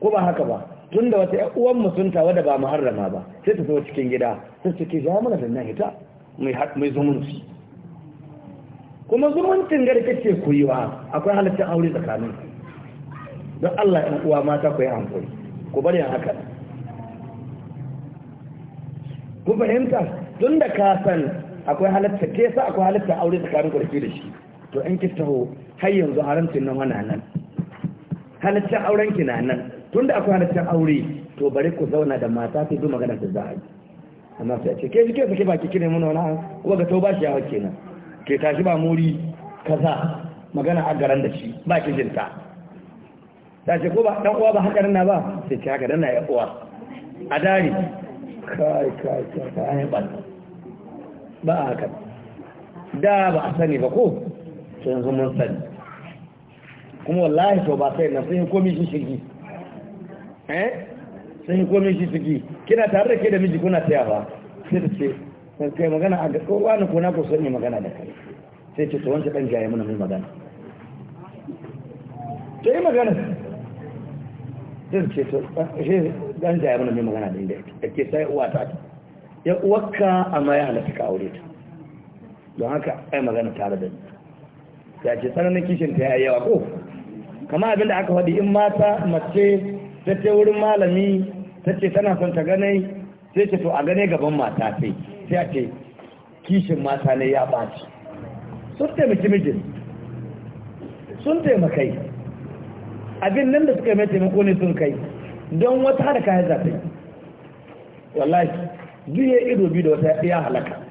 ko ba haka ba tun da wata ƴan uwan mu sun tawa da ba muharrama ba sai ta zo cikin gida sai ta ke ja mana da nan ita mai mai zumunci kuma zumuncin gari ce ku yi wa akwai halaccin aure tsakanin don Allah ƴan uwa mata ku yi hankali ku bari haka ku fahimta tun da ka san akwai halatta ke sa akwai halatta aure tsakanin ku da ke da shi to in ki taho har yanzu haramcin nan wannan nan halittar aurenki na nan tun da akwai halittar aure to bari ku zauna da mata sai duk magana da za a yi amma sai ce ke jike sake baki kire mun wani kuma ga tauba shi yawa kenan ke tashi ba muri kaza magana a garan da shi ba ki jinta ta ce ko ba dan uwa ba haka na ba sai ce haka dan na ya uwa a dari kai kai kai ai ba ba haka da ba a sani ba ko sai yanzu mun sani kuma wallahi to ba sai na sai komi shi shigi eh sai ko miji suki kina tare da ke da miji kuna taya sai ta ce sai kai magana a ga kowa ne kuna ko son yi magana da kai sai ta ce to wancan dan jaye mana mai magana ta yi magana sai ta ce to dan eh, jaye mana mai magana da inda ake sai uwa ta ya uwarka amma ya halatta ka aure ta don haka ai magana tare da ni ya ce tsananin kishin ta yayi yawa ko kama abinda aka faɗi in mata mace ta ce wurin malami ta ce tana son ta ganai sai ce to a gane gaban mata sai sai a ce kishin mata ne ya ɓaci sun taimaki mijin sun taimakai abin nan da suka yi mai taimako ne sun kai don wata haɗa kayan zafi wallahi duk ya ido biyu da wata ya halaka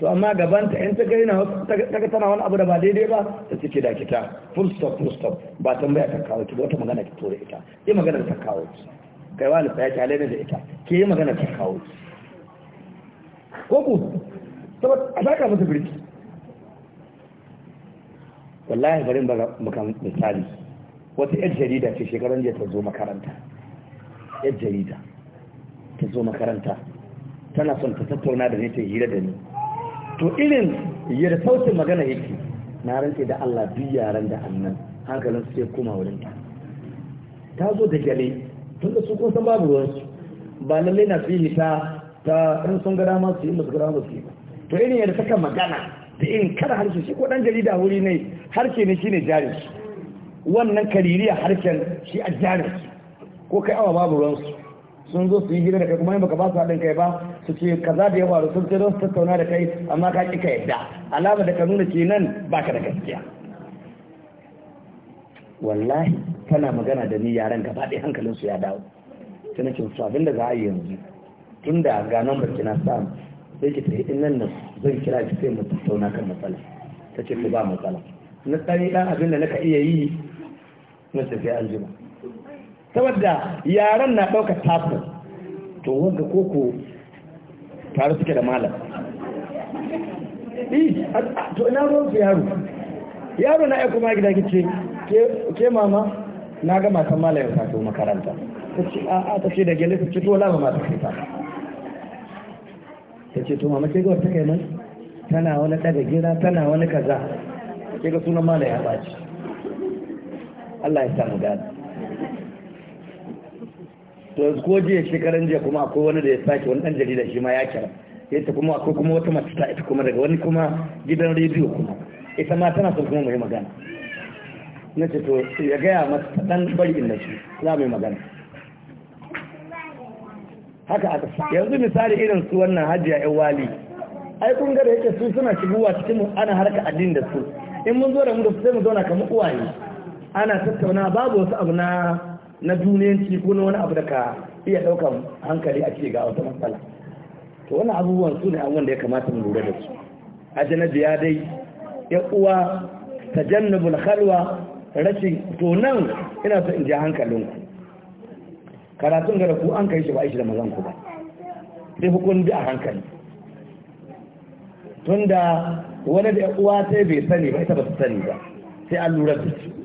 to amma gaban ta in ta gari na ta tana wani abu da ba daidai ba ta ce da kita full stop full stop ba mai ta kawo ki wata magana ki tore ita yi magana ta kawo ki kai wani tsaya ta halin da ita ke yi magana ta kawo ki ko ku saboda a saka masa birki wallahi bari muka misali wata yar jarida ce shekaran jiya ta zo makaranta yar jarida ta zo makaranta tana son ta tattauna da ni ta hira da ni to irin yar sautin magana yake na rantse da Allah biyu yaran da annan hankalin su sai koma wurin ta ta zo da gyale tun da su kun san babu ruwan su ba lalle na yi ta ta in sun gara ma su yi masu gara ba to irin yadda saka magana da irin kada harshe shi ko dan jarida wuri ne harshe ne shine jari shi wannan kaririya harshen shi a jari shi ko kai awa babu ruwan su sun zo su yi gida da kai kuma in baka ba su haɗin kai ba su ce kaza da yawa faru sun ce don su tattauna da kai amma ka ƙi ka yadda alama da ka nuna kenan baka da gaskiya wallahi tana magana da ni yaran gaba ɗaya hankalin su ya dawo tana ce su abin da za a yi yanzu tun ga nan barki na samu sai ki tafi in nan nan zan kira ki sai mu tattauna kan matsala ta ce ku ba matsala na tsari ɗan abin da naka iya yi na tafiya an saboda yaran na ɗaukar taku to wanda koko tare suke da malam to ina ruwan yaro yaro na ya kuma gida kice ke mama na ga matan malam ya sato makaranta ta ce a ta ce da gele ta ce to lama ma kai ta ta ce to mama ke ga wata kai nan tana wani daga gida tana wani kaza ke ga sunan malam ya baci Allah ya samu gadi to ko jiya shekaran jiya kuma akwai wani da ya sake wani dan jarida shi ma ya kira yace kuma akwai kuma wata mace ta ita kuma daga wani kuma gidan rediyo kuma ita ma tana son kuma mu magana na ce to ya gaya mata dan bari inda shi za mu yi magana haka aka yanzu misali irin su wannan hajiya yan wali ai kun ga da yake su suna shigowa cikin ana harka addini da su in mun zo da mu da su sai mu zauna kamar uwaye ana tattauna babu wasu abu na na duniyanci ko na wani abu da ka iya ɗaukar hankali a ce ga wata matsala to wani abubuwan su ne abubuwan da ya kamata mu lura da su A ajanabi ya dai ya uwa ta tajannabul khalwa rashin to nan ina so in ji hankalinku karatun gara ku an kai shi ba a shi da mazan ku ba sai hukun bi a hankali tunda wani da uwa sai bai sani ba ita ba su sani ba sai an lura da su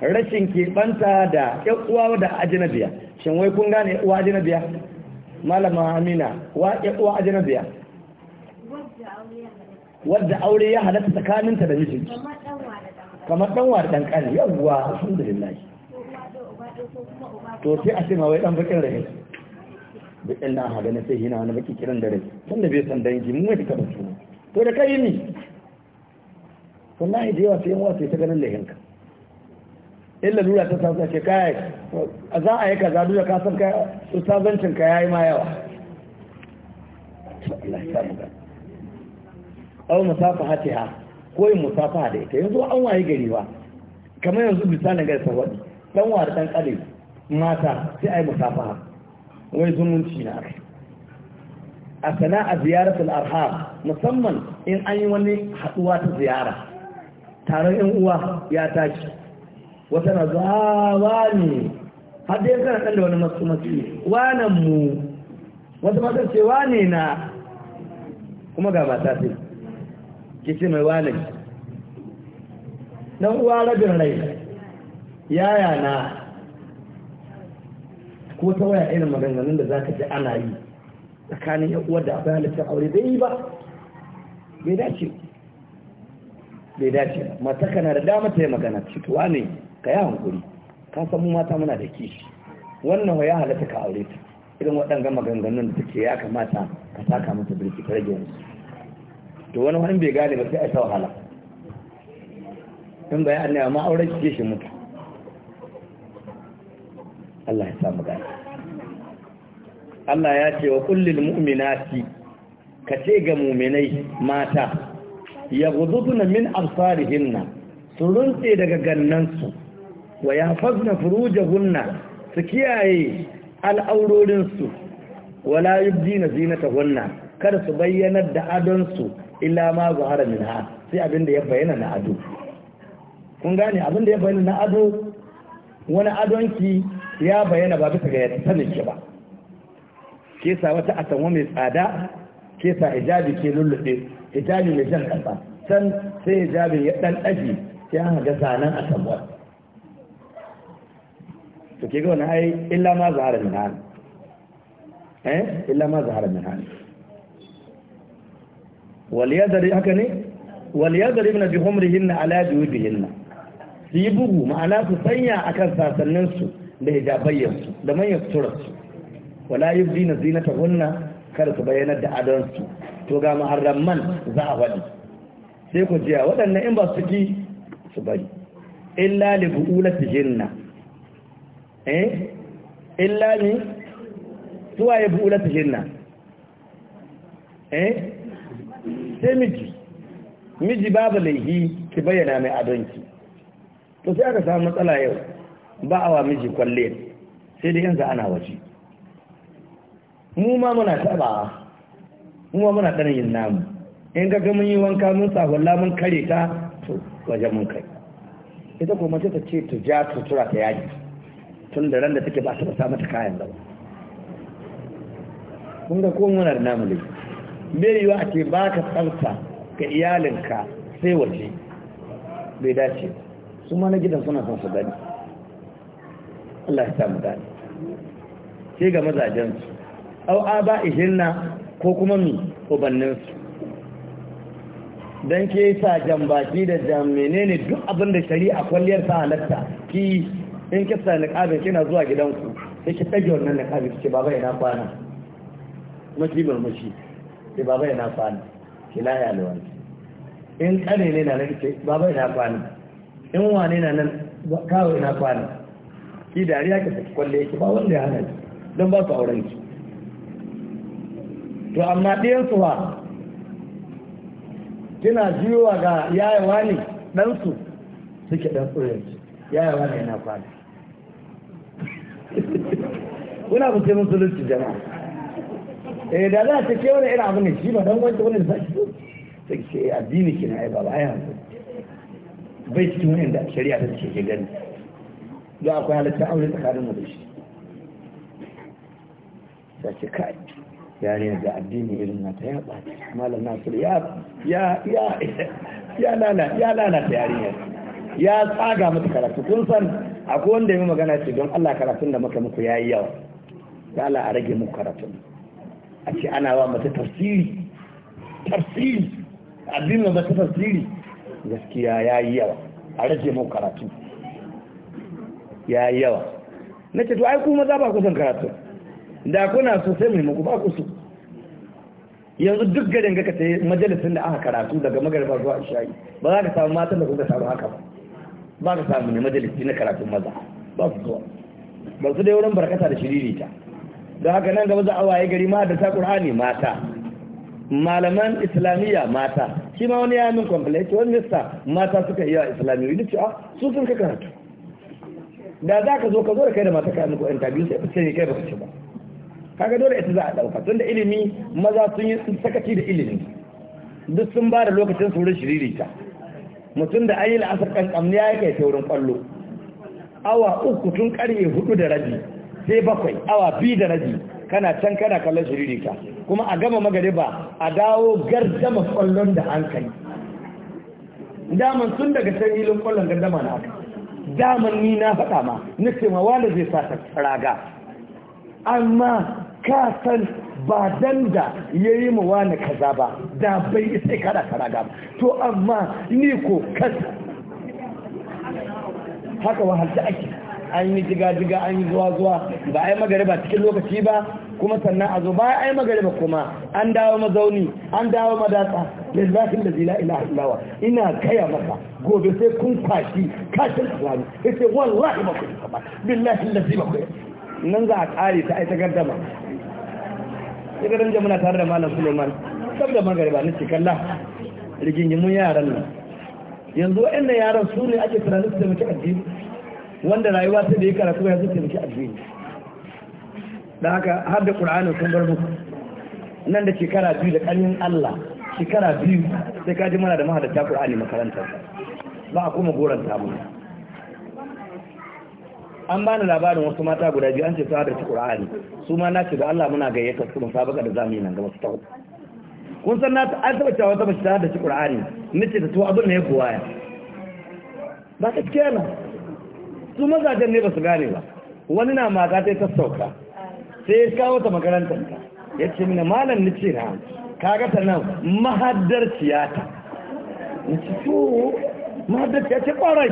rashin keɓanta da ƙyaƙuwa da ajinabiya shin wai kun gane uwa ajinabiya malama amina wa ƙyaƙuwa ajinabiya wadda aure ya halatta tsakaninta da mijinki kamar ɗanwa da ɗanƙani yawwa alhamdulillah to sai a ce ma wai ɗan bakin rai bakin na haga na sai hina wani baki kiran da rai tun da bai san dangi mun wai kamar suna to da kai ni wallahi da yawa sai yan sai ta ganin lahinka illa lura ta samu ce kai a za a yi kaza duk da ka san ka ustazancin ka yi ma yawa Allah musafa hati ha ko yin musafaha da ita yanzu an waye gari ba kamar yanzu misalin ga sawadi dan wa dan kare mata sai ai musafaha wai zumunci na akai a sana'a ziyaratul arham musamman in an yi wani haduwa ta ziyara taron yan uwa ya tashi wata na zawa ah, ne har ya kana kan wani masu masu wanan mu wata matar ce ne na kuma ga mata sai ke ce mai wane na uwa rabin rai yaya na ko ta waya irin maganganun da za ka ji ana yi tsakanin ya uwa da akwai halittar aure bai yi ba bai dace bai dace mata kana da dama ta yi magana cituwa ne ka yi hankuri ka san mu mata muna da kishi wannan ya halatta ka aure ta irin waɗannan maganganun da take ya kamata ka saka mata birki ta rage musu to wani wani bai gane ba sai a sa wahala in bayan annaba ma auren ki shi mutu Allah ya sa mu gane Allah ya ce wa kullil mu'minati ka ce ga mu'minai mata ya gududuna min absarihinna su runtse daga gannansu wa Furuja hunna su kiyaye al'aurorinsu al'aurorin su Zina ta hunna kada su bayyanar da adonsu illa ma min ha sai abin da ya bayyana na ado kun gane abin da ya bayyana na ado wani adonki ya bayyana ba bisa ga ya sanin ki ba ke sa wata atamwa mai tsada ke sa hijabi ke lullube hijabi mai jan kasa can sai hijabi ya dan ɗaji sai an ga zanen atamwa to ke ga wani ai illa ma zahara min hali eh illa ma zahara min hali wal yadri haka ne wal yadri min bi humrihinna ala jubihinna su yi bugu ma'ana su sanya akan sasannin su da hijabayensu su da manyan suturar su wala ta hunna kada su bayyana da adon su to ga muharraman za a faɗi sai ku jiya waɗannan in ba su ki su bari illa li bu'ulatihinna eh illa ni zuwa ya bu'ula tahinna eh sai miji miji babu laihi ki bayyana mai adonki to sai aka samu matsala yau ba awa miji kwalle sai da yanzu ana waje mu ma muna taba mu ma muna ɗanin yin namu in ga mun yi wanka mun walla mun kare ta to waje mun kai ita kuma ta ce ta ja tutura ta yaji tun da ran da take ba ta sa mata kayan ba kun ga ko muna da namu ne Me yiwa a ce ba ka ga iyalinka sai waje bai dace su ma na gidan suna son su gani Allah ya mu gani sai ga mazajensu au a ba ihinna ko kuma mi su Dan ke sa jan da jan menene duk abin da shari'a kwalliyar sa halatta ki in ki sa niqabin kina zuwa gidanku sai ki dage wannan niqabin ki ce baba yana kwana kuma ki murmushi ki baba yana kwana ki laya lawan in kane ne na nan ki baba yana kwana in wane na nan kawo yana kwana ki dariya ki saki kwalle ki ba wanda ya hana ki don ba su auren ki to amma ɗayan su wa kina jiwa ga yayawa ne ɗansu suke ɗan tsoron yayawa ne na kwana kuna mu ce musulunci jama'a eh da za ta ce wani irin abu ne shi ba don wani da zaki so sai ce eh, addini ki na ai ba a yanzu bai cikin wani da shari'a ta ce ke gani za akwai halatta aure tsakanin mu da shi ta ce kai yare da addini irin na ta ya ɓata malam nasir ya ya ya ya lalata ta yare yarinyar ya tsaga mata karatu kun san akwai wanda ya yi magana ce don Allah karatun da muka muku yi yawa ya Allah a rage mun karatun a ce ana wa mata tafsiri tafsiri abin da mata tafsiri gaskiya ya yi yawa a rage mun karatu ya yi yawa na ce to ai kuma za ba ku son karatu da kuna so sai mu ku ba ku so yanzu duk garin ga kace majalisin da aka karatu daga magarba zuwa ishayi ba za ka samu matan da kuka samu haka ba ba ka samu ne majalisi na karatun maza ba su zuwa ba su da wurin barkata da shiririta Da haka nan gaba za a waye gari ma da ta ƙur'ani mata malaman islamiyya mata shi ma wani yamin kwamfilai ce wani mista mata suka yi wa islamiyya duk cewa ah, su sun ka karatu da za ka zo ka zo da kai da mata kayan ko interview sai ce sai kai baka ci ba kaga dole ita za a ɗauka tunda ilimi maza sun yi sakaci da ilimi duk sun ba da lokacin su wurin shiririta mutum da an yi la'asar kankamni ya yi kai ta wurin kwallo awa uku tun karye hudu da rabi sai bakwai awa biyu da naji kana can kana kallon ka kuma a gama ba a dawo gardama kwallon da an kai daman sun daga can ilin kwallon gardama na aka daman ni na faɗa ma na ce ma wanda zai sa raga amma ka san ba dan da ya yi ma wani kaza ba da bai isa kada ka raga ba to amma ni ko kasa haka wahalta ake an yi jiga-jiga an yi zuwa-zuwa ba a yi magariba cikin lokaci ba kuma sannan a zo ba a yi magariba kuma an dawo mazauni an dawo madatsa da zafin da zila ila hannawa ina kaya maka gobe sai kun kwashi kashin azami ya ce wallahi ba ku yi kama billahi da zima ku nan za a kare ta aita gardama ya gadon jamuna tare da malam suleiman sab da magariba na cikalla rigingimun yaran nan yanzu waɗannan yaran su ne ake tunanin su da muke addini wanda rayuwa sai da ya karatu ya da taimaki addini da haka har da ƙura'anin sun bar muku nan da shekara biyu da ƙarfin Allah shekara biyu sai ka ji mana da mahadatta ƙura'ani makaranta ba a kuma goron samu an bani labarin wasu mata guda biyu an ce su hadarci ƙur'ani su ma na ce da Allah muna gayyata su musabaka da zamu yi nan gaba su taho kun san na ta an taɓa cewa wata mace ta hadarci ni nace ta to abin ne ya buwaya ba ta kiyana su mazajen ne ba su gane ba wani na mata ta ta sauka sai ya kawo ta makarantar ta ya ce mina malam ni ce na kaga ta nan Mahadar Tiyata. na ce Mahadar Tiyata ce kwarai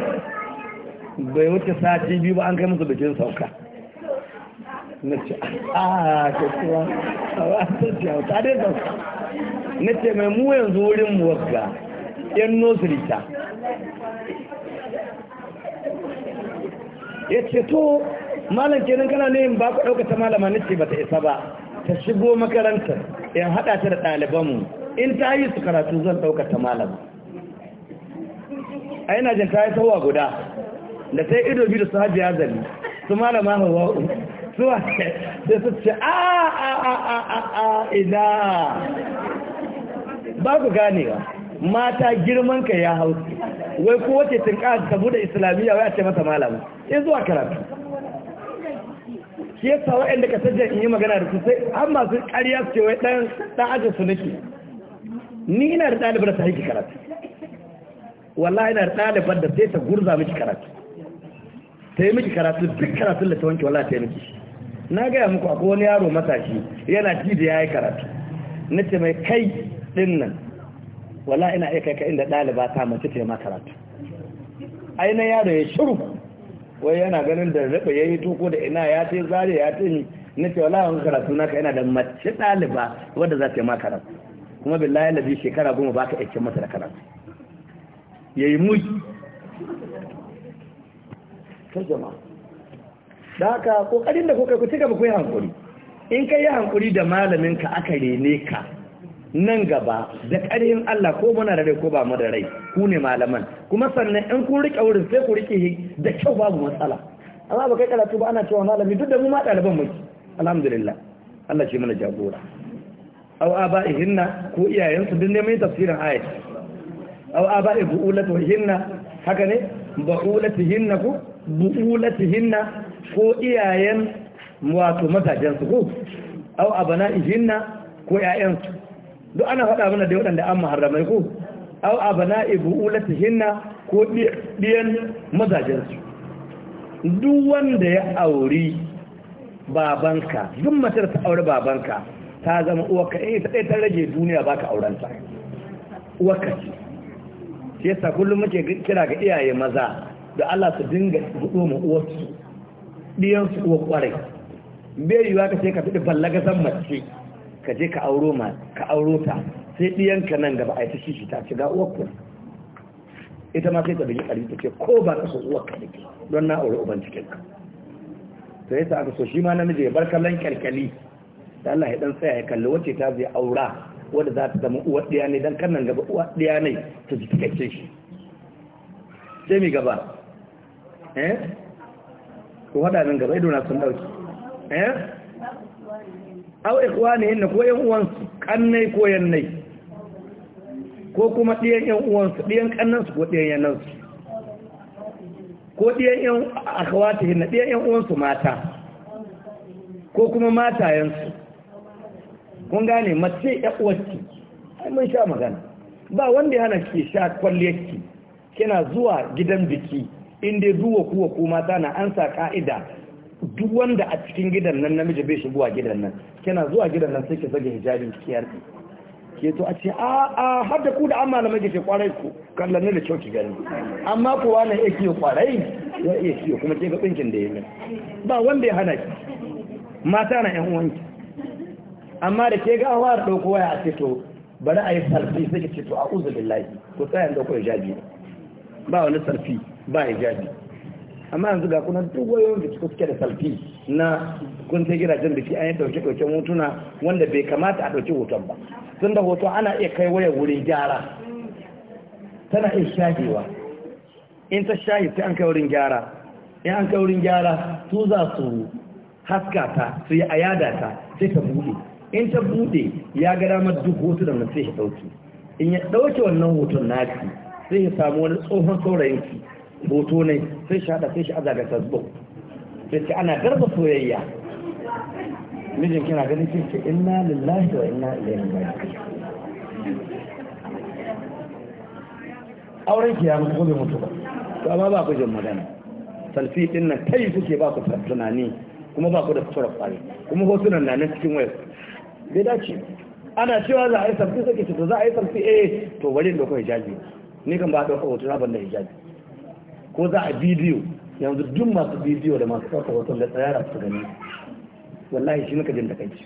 bai wuce sati biyu ba an kai musu bikin sauka na ce a ke kuma, a ba ta dai sauka na ce mai mu yanzu wurin mu wakka yan nosirita ya ce to malam kenan kana ne ba ku ɗauka ta malama nace ba ta isa ba ta shigo makarantar in haɗa ta da ɗalibanmu in ta yi su karatu zan ɗauka ta malama a yana jin ta yi sauwa guda da ta yi ido biyu da su hajji zali su malama hawa su sai su ce a a a a a a ina ba ku ganewa mata girman ka ya hausa wai ko wace tinka ta bude islamiyya wai a ce mata malama sai zuwa karatu shi yasa waɗanda ka sajjan in yi magana da su sai an masu ƙarya su ce wai ɗan ɗan ajin su nake ni ina da ɗalibar ta haiki karatu wallahi ina da ɗalibar da sai ta gurza miki karatu ta yi miki karatu duk karatun da ta wanke wallahi ta yi miki na gaya muku akwai wani yaro matashi yana ji da ya yi karatu na ce mai kai ɗin nan wala ina aika ka inda ɗaliba ta mace ta ma karatu ainihin yaro ya shiru wai yana ganin da rabe ya yi tuko da ina ya ce zari ya ce na ce wala yawan karatu na ka yana da mace ɗaliba wadda za ta ma karatu kuma billahi labi shekara goma ba ka aikin mata da karatu ya yi mui ta jama'a da haka kokarin da kuka ku ci gaba ku yi hankuri in ka yi hankuri da malamin ka aka rene ka nan gaba da ƙarhin Allah ko muna da rai ko ba mu da rai ku ne malaman kuma sannan in ku rike wurin sai ku rike da kyau babu matsala amma ba kai karatu ba ana cewa malami duk da mu ma ɗaliban muke alhamdulillah Allah shi mana jagora aw aba'ihinna ko iyayensu duk neman tafsirin ayat aw aba'i bu'ulatuhinna haka ne bu'ulatuhinna ku bu'ulatuhinna ko iyayen wato mazajensu ko aw abana'ihinna ko su. duk ana faɗa mana da waɗanda an muharramai ko au abana hinna ko ɗiyan mazajensu duk wanda ya auri babanka duk matar ta auri babanka ta zama uwaka in eh, ta ɗaya ta rage duniya ba ka aurenta uwaka ce shi yasa kullum muke kira ga iyaye maza da Allah su dinga gudu ma uwarsu ɗiyansu uwa kwarai bai yiwa ka sai ka fiɗi ballaga san mace ka je ka auro ma ka auro ta sai ɗiyanka nan gaba a yi ta shishi ta ci ga uwarku ita ma sai ta bigi ƙarfi ta ce ko ba ka so uwar ka ke don na aure uban ka. to yasa aka so shi ma namiji ya bar kallon kyalkyali da Allah ya dan tsaya ya kalli wacce ta zai aura wadda za ta zama uwar ɗiya ne don kannan gaba uwar ɗiya ne ta ji cikakken shi sai mi gaba eh ko hada nan gaba ido na sun dauki eh aw ikhwanihin ko yan uwansu kannai ko yannai ko kuma ɗiyan yan uwansu ɗiyan kannansu ko ɗiyan yannansu ko ɗiyan yan akhawatihin na ɗiyan yan uwansu mata ko kuma matayensu kun gane mace ya uwarki ai mun sha magana ba wanda ya hana ki sha kwalliyarki kina zuwa gidan biki inda zuwa kuwa ku mata na an sa ka'ida duk wanda a cikin gidan nan namiji bai a gidan nan kina zuwa gidan nan sai ki zage hijabin ki yarki ke to a ce a a har da ku da an malamai ke kwarai ku kallon ne da kyau ki gani amma ku wani ya kiyo kwarai ya iya kiyo kuma ke ga tsinkin da ya min ba wanda ya hana ki mata na yan uwanki amma da ke ga awa da ɗauko waya a ce to bari a yi sarfi sai ki ce to a uzu billahi ko tsayan da hijabi ba wani sarfi ba hijabi amma yanzu ga kuna duk wayoyin da suka suke da salfi na kun ta sai gidajen biki an yi dauke dauke hotuna wanda bai kamata a dauki hoton ba tun da hoton ana iya kai waya wurin gyara tana iya shahewa in ta shahi sai an kai wurin gyara in an kai wurin gyara su za su haska ta su yi ayada ta sai ta bude in ta bude ya ga damar duk hoton nan sai ya dauki in ya dauke wannan hoton naki sai ya samu wani tsohon saurayin ki hoto ne sai shi haɗa sai shi aza ga facebook sai ce ana garba soyayya mijin kina ganin sai ce inna lillahi wa inna ilaihi raji'un auren ki ya mutu ko bai mutu ba to amma ba ku jin magana salfi din nan kai kuke ba ku tunani kuma ba ku da fitar kwari kuma hotunan na nan cikin wayar bai dace ana cewa za a yi salfi sai ce to za a yi salfi eh to bari da kai hijabi ni kan ba ɗauka hoto na ban da hijabi ko za a bidiyo yanzu duk masu bidiyo da masu sauka hoton da tsayara su gani wallahi shi muka jin takaici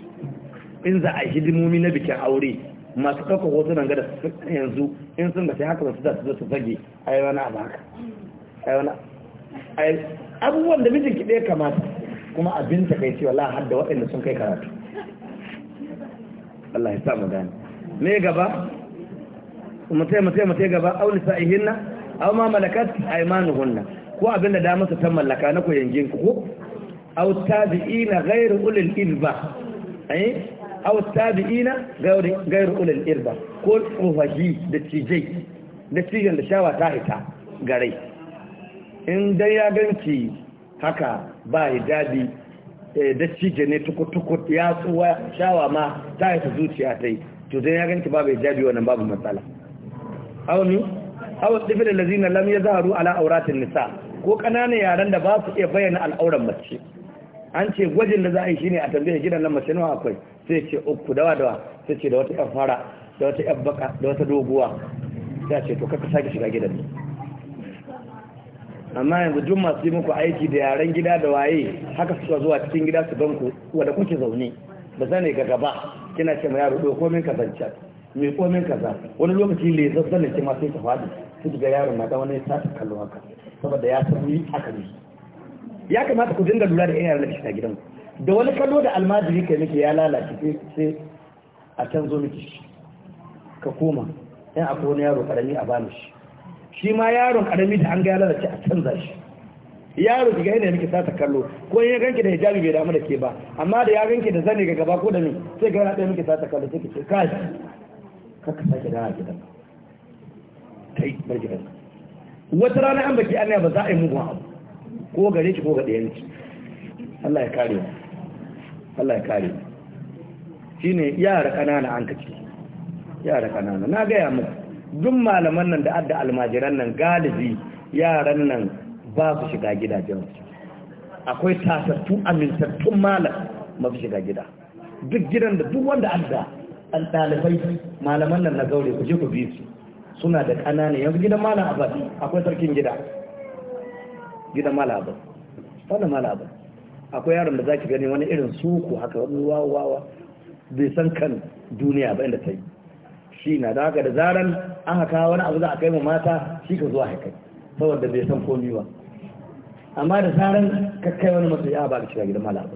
in za a hidimomi na bikin aure masu nan ga gada yanzu in sun ga sai haka su da su zo su zage a yi wani abu haka a yi wani abubuwan da mijinki ɗaya kamata kuma abin ta kai cewa da waɗanda sun kai karatu Allah ya mu gane me gaba mu taimatai mu gaba aulisa ihinna aw ma malakat aymanuhunna ko abin da damar su ta mallaka na koyangin ku ko aw tabi'ina ghayr ulil irba eh aw tabi'ina ghayr ulil irba ko ofaji da cijai da cijan da shawa ta hita garai in dai ya ganci haka ba hijabi eh, da cije ne tukutukut ya tsuwa shawa ma ta hita zuciya ta yi to dai ya ganci babu hijabi wannan babu matsala auni aw tifil allazina lam yazharu ala auratin nisa ko kananan yaren da ba su iya bayyana al'auran mace an ce gwajin da za a yi shine a tambaye gidan nan mace nawa akwai sai ce uku dawa dawa sai ce da wata yan fara da wata yan baka da wata doguwa sai ce to kaka sake shiga gidan ne amma yanzu duk masu yi muku aiki da yaren gida da waye haka suka zuwa cikin gida su banku wanda kuke zaune ba zane ga gaba kina ce ma yaro do komin ka zance mai komin kaza wani lokaci le zazzanin ki ma sai ka faɗi sai ga yaron na mata wani ya sa kallo haka saboda ya san ni haka ne ya kamata ku dinga lura da irin yaran da ke gidan da wani kallo da almajiri kai miki ya lalace sai a can zo miki ka koma in akwai wani yaro karami a bani shi shi ma yaron karami da an ga ya lalace a canza shi yaro ki ga yadda muke sata kallo ko in ya ganki da hijabi bai damu da ke ba amma da ya ganki da zane ga gaba ko da ni sai ga yana ɗaya muke sata kallo sai ki ce kai ka ka sake dana gidan ta yi wata rana an baki annaya ba za a yi mugun abu ko gare ki ko ga ɗayan ki Allah ya kare Allah ya kare shine yara kanana an kace yara kanana na gaya muku duk malaman nan da adda almajiran nan galibi yaran nan ba su shiga gidajen su akwai tasattu amintattun malam ma su shiga gida duk gidan da duk wanda adda an ɗalibai malaman nan na gaure ku je ku bi su suna da ƙanana yanzu gidan malam abbas akwai sarkin gida gidan malam abbas wannan malam abbas akwai yaron da zaki gani wani irin suku haka wani wawawa bai san kan duniya ba inda ta yi shi na da haka da zaran an haka wani abu za a kai mu mata shi ka zuwa haka saboda bai san komi ba amma da zaran ka kai wani masu ya ba ka shiga gidan malam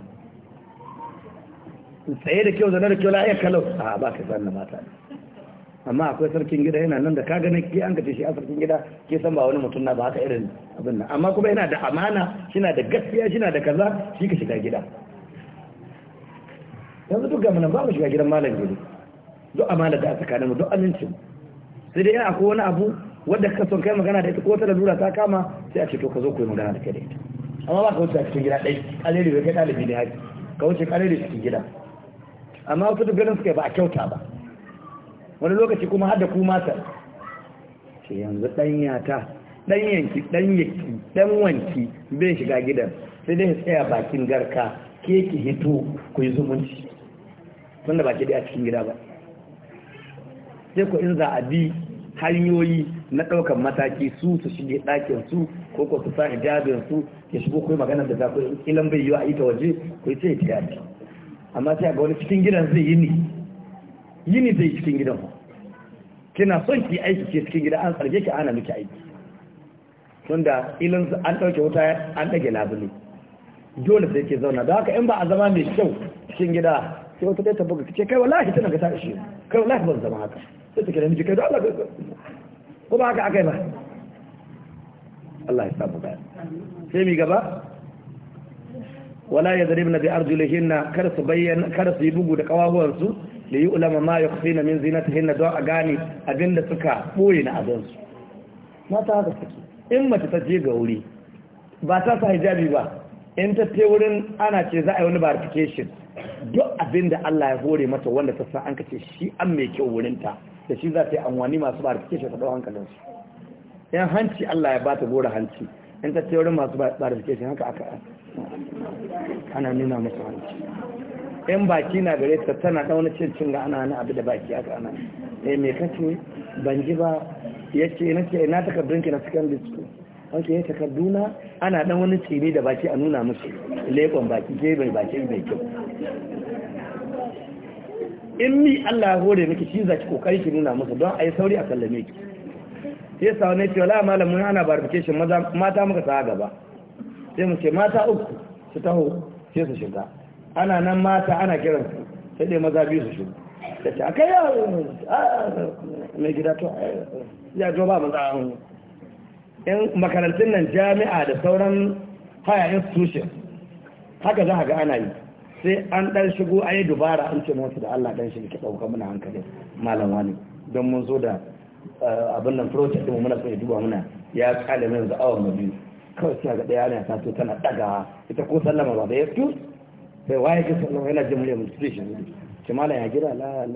tsaye da kyau zane da kyau la'ayyar kalau a ba ka san na mata ne amma akwai sarkin gida yana nan da kaga gani ke an kace shi a sarkin gida ke san ba wani mutum na ba haka irin abin nan amma kuma yana da amana shina da gaskiya shina da kaza shi ka shiga gida yanzu duk ga mun ba mu shiga gidan malam gidi duk amana da a tsakanin mu duk amincin sai dai akwai wani abu wanda ka son kai magana da ita ko ta lura ta kama sai a ce to ka zo ku yi magana da kai da ita amma ba ka wuce a cikin gida ɗai kalere bai kai ɗalibi ne haka ka wuce kalere cikin gida amma wasu duk ganin suka ba a kyauta ba wani lokaci kuma har da ku matar ce yanzu ɗanyata ɗanyanki ɗanwanki bai shiga gidan sai dai tsaya bakin garka ke ki hito ku yi zumunci tun da baki dai a cikin gida ba sai ku in za a bi hanyoyi na ɗaukar mataki su su shige ɗakin su ko ko su sa hijabin su ya shigo ku yi magana da za ku ilan bai yiwa a ita waje ku yi ce ya amma sai a ga wani cikin gidan zai yi ne yini zai cikin gidan ku kina son ki aiki ke cikin gida an tsarge ki ana miki aiki tunda ilin an ɗauke wuta an ɗage labule dole sai ke zauna da haka in ba a zama mai kyau cikin gida sai wata ɗaya ta buga kai wallahi tana ga ta shi kai wallahi ban zama haka sai ta kira miji kai da Allah ko ba haka akai ba Allah ya mu bayan sai mi gaba wala yadribna bi arjulihinna kar su bayyana kar su yi bugu da kawahuwansu da yi ulama ma ya kusi na min zinatahin na don a gane abinda suka ɓoye na abinsu mata haka suke in mace ta je ga wuri ba ta sa hijabi ba in ta te wurin ana ce za a yi wani verification duk abinda Allah ya hore mata wanda ta san an kace shi an mai kyau wurinta da shi za ta yi amfani masu verification ta ɗau hankalinsu yan hanci Allah ya bata gora hanci in ta wurin masu verification haka aka ana nuna masu hanci in baki na gare ta tana dauna cin cin ga ana wani abu da baki aka ana eh me kace ban ji ba yace nace ina takardun ki na cikin school wace ya takarduna ana dan wani tsini da baki a nuna musu lekon baki ke bai baki bai kyau in mi Allah ya hore miki shi zaki kokari ki nuna musu don ayi sauri a sallame ki sai Sa'u ne ce wala malamin ana barification mata muka sa gaba sai mu ce mata uku su taho sai su shiga ana nan mata ana kiran su sai dai maza biyu su shi da ta aka yi mai gida to ya zo ba maza an in makarantun nan jami'a da sauran haya institution haka za a ga ana yi sai an dan shigo a yi dubara an ce masu da Allah dan shi ke ɗauka muna hankali malam wani don mun zo da abin nan project mu muna sai ya duba muna ya kale min za'awar mu biyu kawai sai ga ɗaya ne ta so tana ɗaga ita ko sallama ba da ya sai waye ke sallan yana jin murya musulmi shi ce malam ya gira la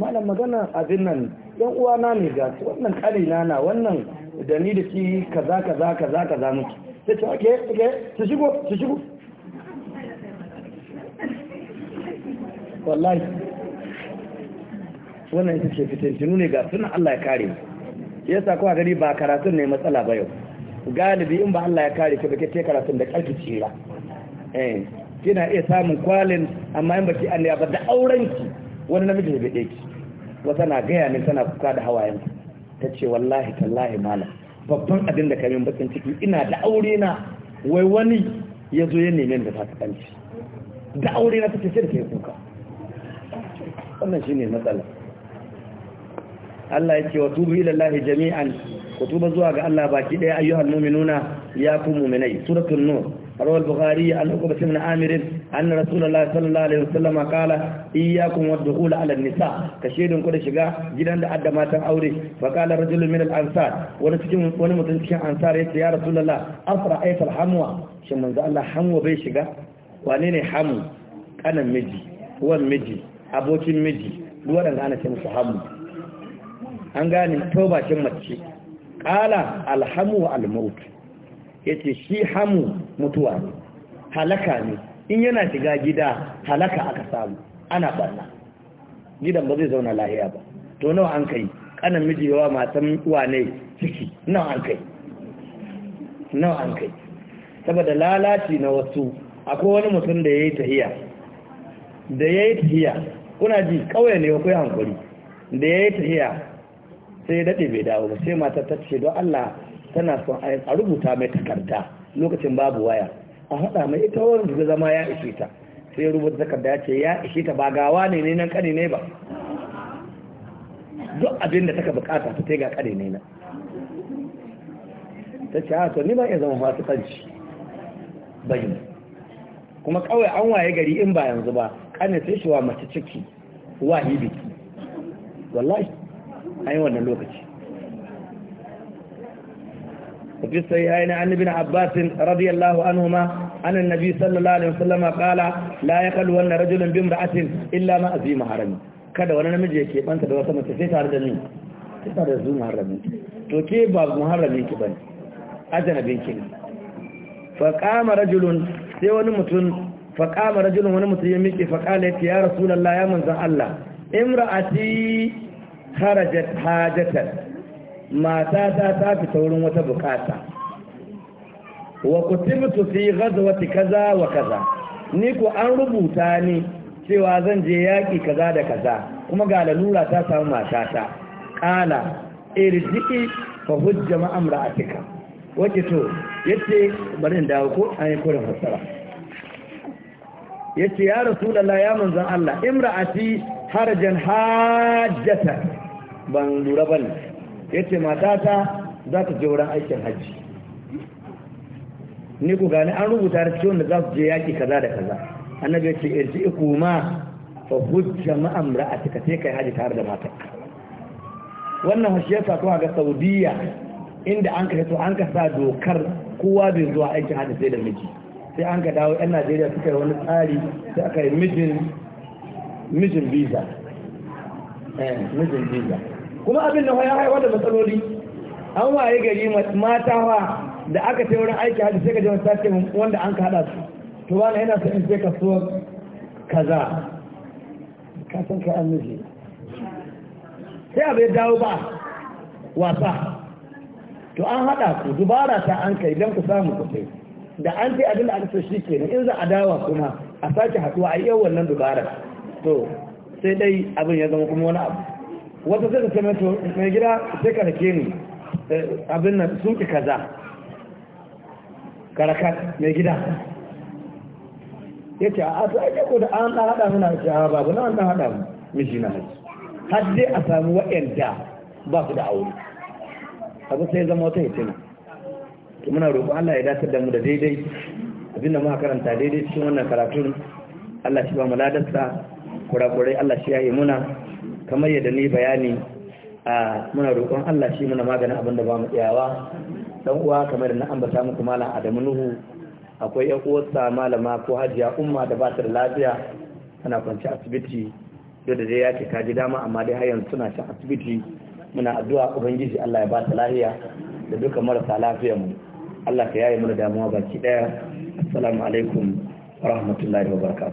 malam magana abin nan yan uwa na ne ga wannan kare na na wannan da ni da shi kaza kaza kaza kaza muke sai ce oke ke su shigo su shigo wallahi wannan ita ce fitintinu ne ga suna Allah ya kare yasa kuwa gari ba karatun ne matsala ba yau galibi in ba Allah ya kare ki ba ke karatun da karfi tsira eh kina iya samun kwalin amma in baki an ba da aurenki wani namiji bai ki wata na gaya min tana kuka da hawayen ta ce wallahi tallahi malam babban abin da kamin bakin ciki ina da aure na wai wani ya zo ya neme da fasikanci da aure na take sai da kai kuka wannan shine matsala Allah ya ce wa tubu ila Allah jami'an ku tuba zuwa ga Allah baki daya ayyuhal mu'minuna ya ku mu'minai suratul nur روى البخاري عن عقبة بن عامر أن رسول الله صلى الله عليه وسلم قال إياكم والدخول على النساء كشيد كل شجاع جدا عد ما تأوري فقال رجل من الأنصار ونسجم ونمتنسك أنصار يا رسول الله أسرع أيت الحموة شمن ذا الله حموة بيشجع وأنني حمو أنا مجي هو مجي أبوتي مجي دوانا أنا شمس حمو أنغاني توبة شمتشي قال الحمو الموت ya ce shi hamu mutuwa ne halaka ne in yana shiga gida halaka aka samu ana barna gidan ba zai zauna lahiya ba to nawa an kai kanan miji yawa matan ne ciki nawa an kai nawa an kai saboda lalaci na wasu akwai wani mutum da ya yi tahiya da ya yi tahiya kuna ji kawai ne akwai hankuri da ya yi tahiya sai ya daɗe bai dawo ba sai matar ta ce don allah tana son a rubuta mai takarda lokacin babu waya a haɗa mai ita wani da zama ya ishe ta sai ya rubuta takarda ya ce ya ishe ta ba gawa ne ne nan kane ne ba duk abin da taka bukata ta ga kane ne nan ta ce a to ni iya zama masu kanci kuma kawai an waye gari in ba yanzu ba kane sai shi wa mace ciki wahibi biki wallahi an yi wannan lokaci وفي الصحيحين عن ابن عباس رضي الله عنهما أن النبي صلى الله عليه وسلم قال لا يقلون رجل بامرأة إلا ما أزي محرمي kada wani namiji ya keɓanta da wata mace sai tare da ni sai tare da su muharrami to ke ba muharrami ki bane ajanabin ki ne rajulun wani mutum fa qama rajulun wani ya miƙe fa ya rasulullahi Allah imra'ati kharajat hajatan Mata ta fita wurin wata bukata wa kutibtu fi ghazwati kaza wa kaza ni ku an rubuta ni cewa zan je yaki kaza da kaza kuma ga lalura ta samu matata qala irji'i fa hujja ma amra'atika wace to yace bari in dawo ko an yi kurin fassara yace ya rasulullah ya manzon Allah imra'ati harajan hajjata ban lura bane ya ce matata za ta je wurin aikin hajji ni ku gani an rubuta da cikin da za su je yaƙi kaza da kaza annabi ya ce irji iku ma fa hujja ma'amra a cika sai kai hajji tare da mata wannan hashiyarsa kuma ga saudiya inda an kai to an ka sa dokar kowa bai zuwa aikin hajji sai da miji sai an ka dawo yan najeriya suka yi wani tsari sai aka yi mijin mijin visa eh, mijin visa kuma abin da ya haifar da matsaloli an waye gari mata wa da aka ta wurin aiki hajji sai ka jama sace wanda an ka hada su to wani yana son in sai kasuwar kaza ka san ka an nufi sai abu ya dawo ba wasa to an haɗa ku dubara ta an kai don ku samu kuɗi da an ce abin da aka so shi ke in za a dawa kuma a sake haɗuwa a yi yau wannan dubara to sai dai abin ya zama kuma wani abu wata sai ta mato mai gida sai ka sake ni eh, abin nan sun ki kaza karakar mai gida ya ce a ta ake da an ɗan haɗa muna ce a babu na an ɗan haɗa miji na haji har dai a sami waɗanda ba su da aure abu sai zama wata hitina ki muna roƙon Allah ya dace da mu da daidai abinda muka karanta daidai cikin wannan karatun Allah shi ba mu ladarsa kurakurai Allah shi ya yi muna kamar yadda ni bayani a muna roƙon Allah shi muna magana abin da ba mu tsayawa dan uwa kamar da na ambata muku malam Adamu Nuhu akwai ƴan uwarsa malama ko hajiya umma da ba ta da lafiya tana kwance asibiti duk da dai yake kaji dama amma dai har yanzu suna cin asibiti muna addu'a ubangiji Allah ya ba ta lafiya da duka marasa lafiyar mu Allah ka yaye mana damuwa baki daya assalamu alaikum wa rahmatullahi wa barakatuh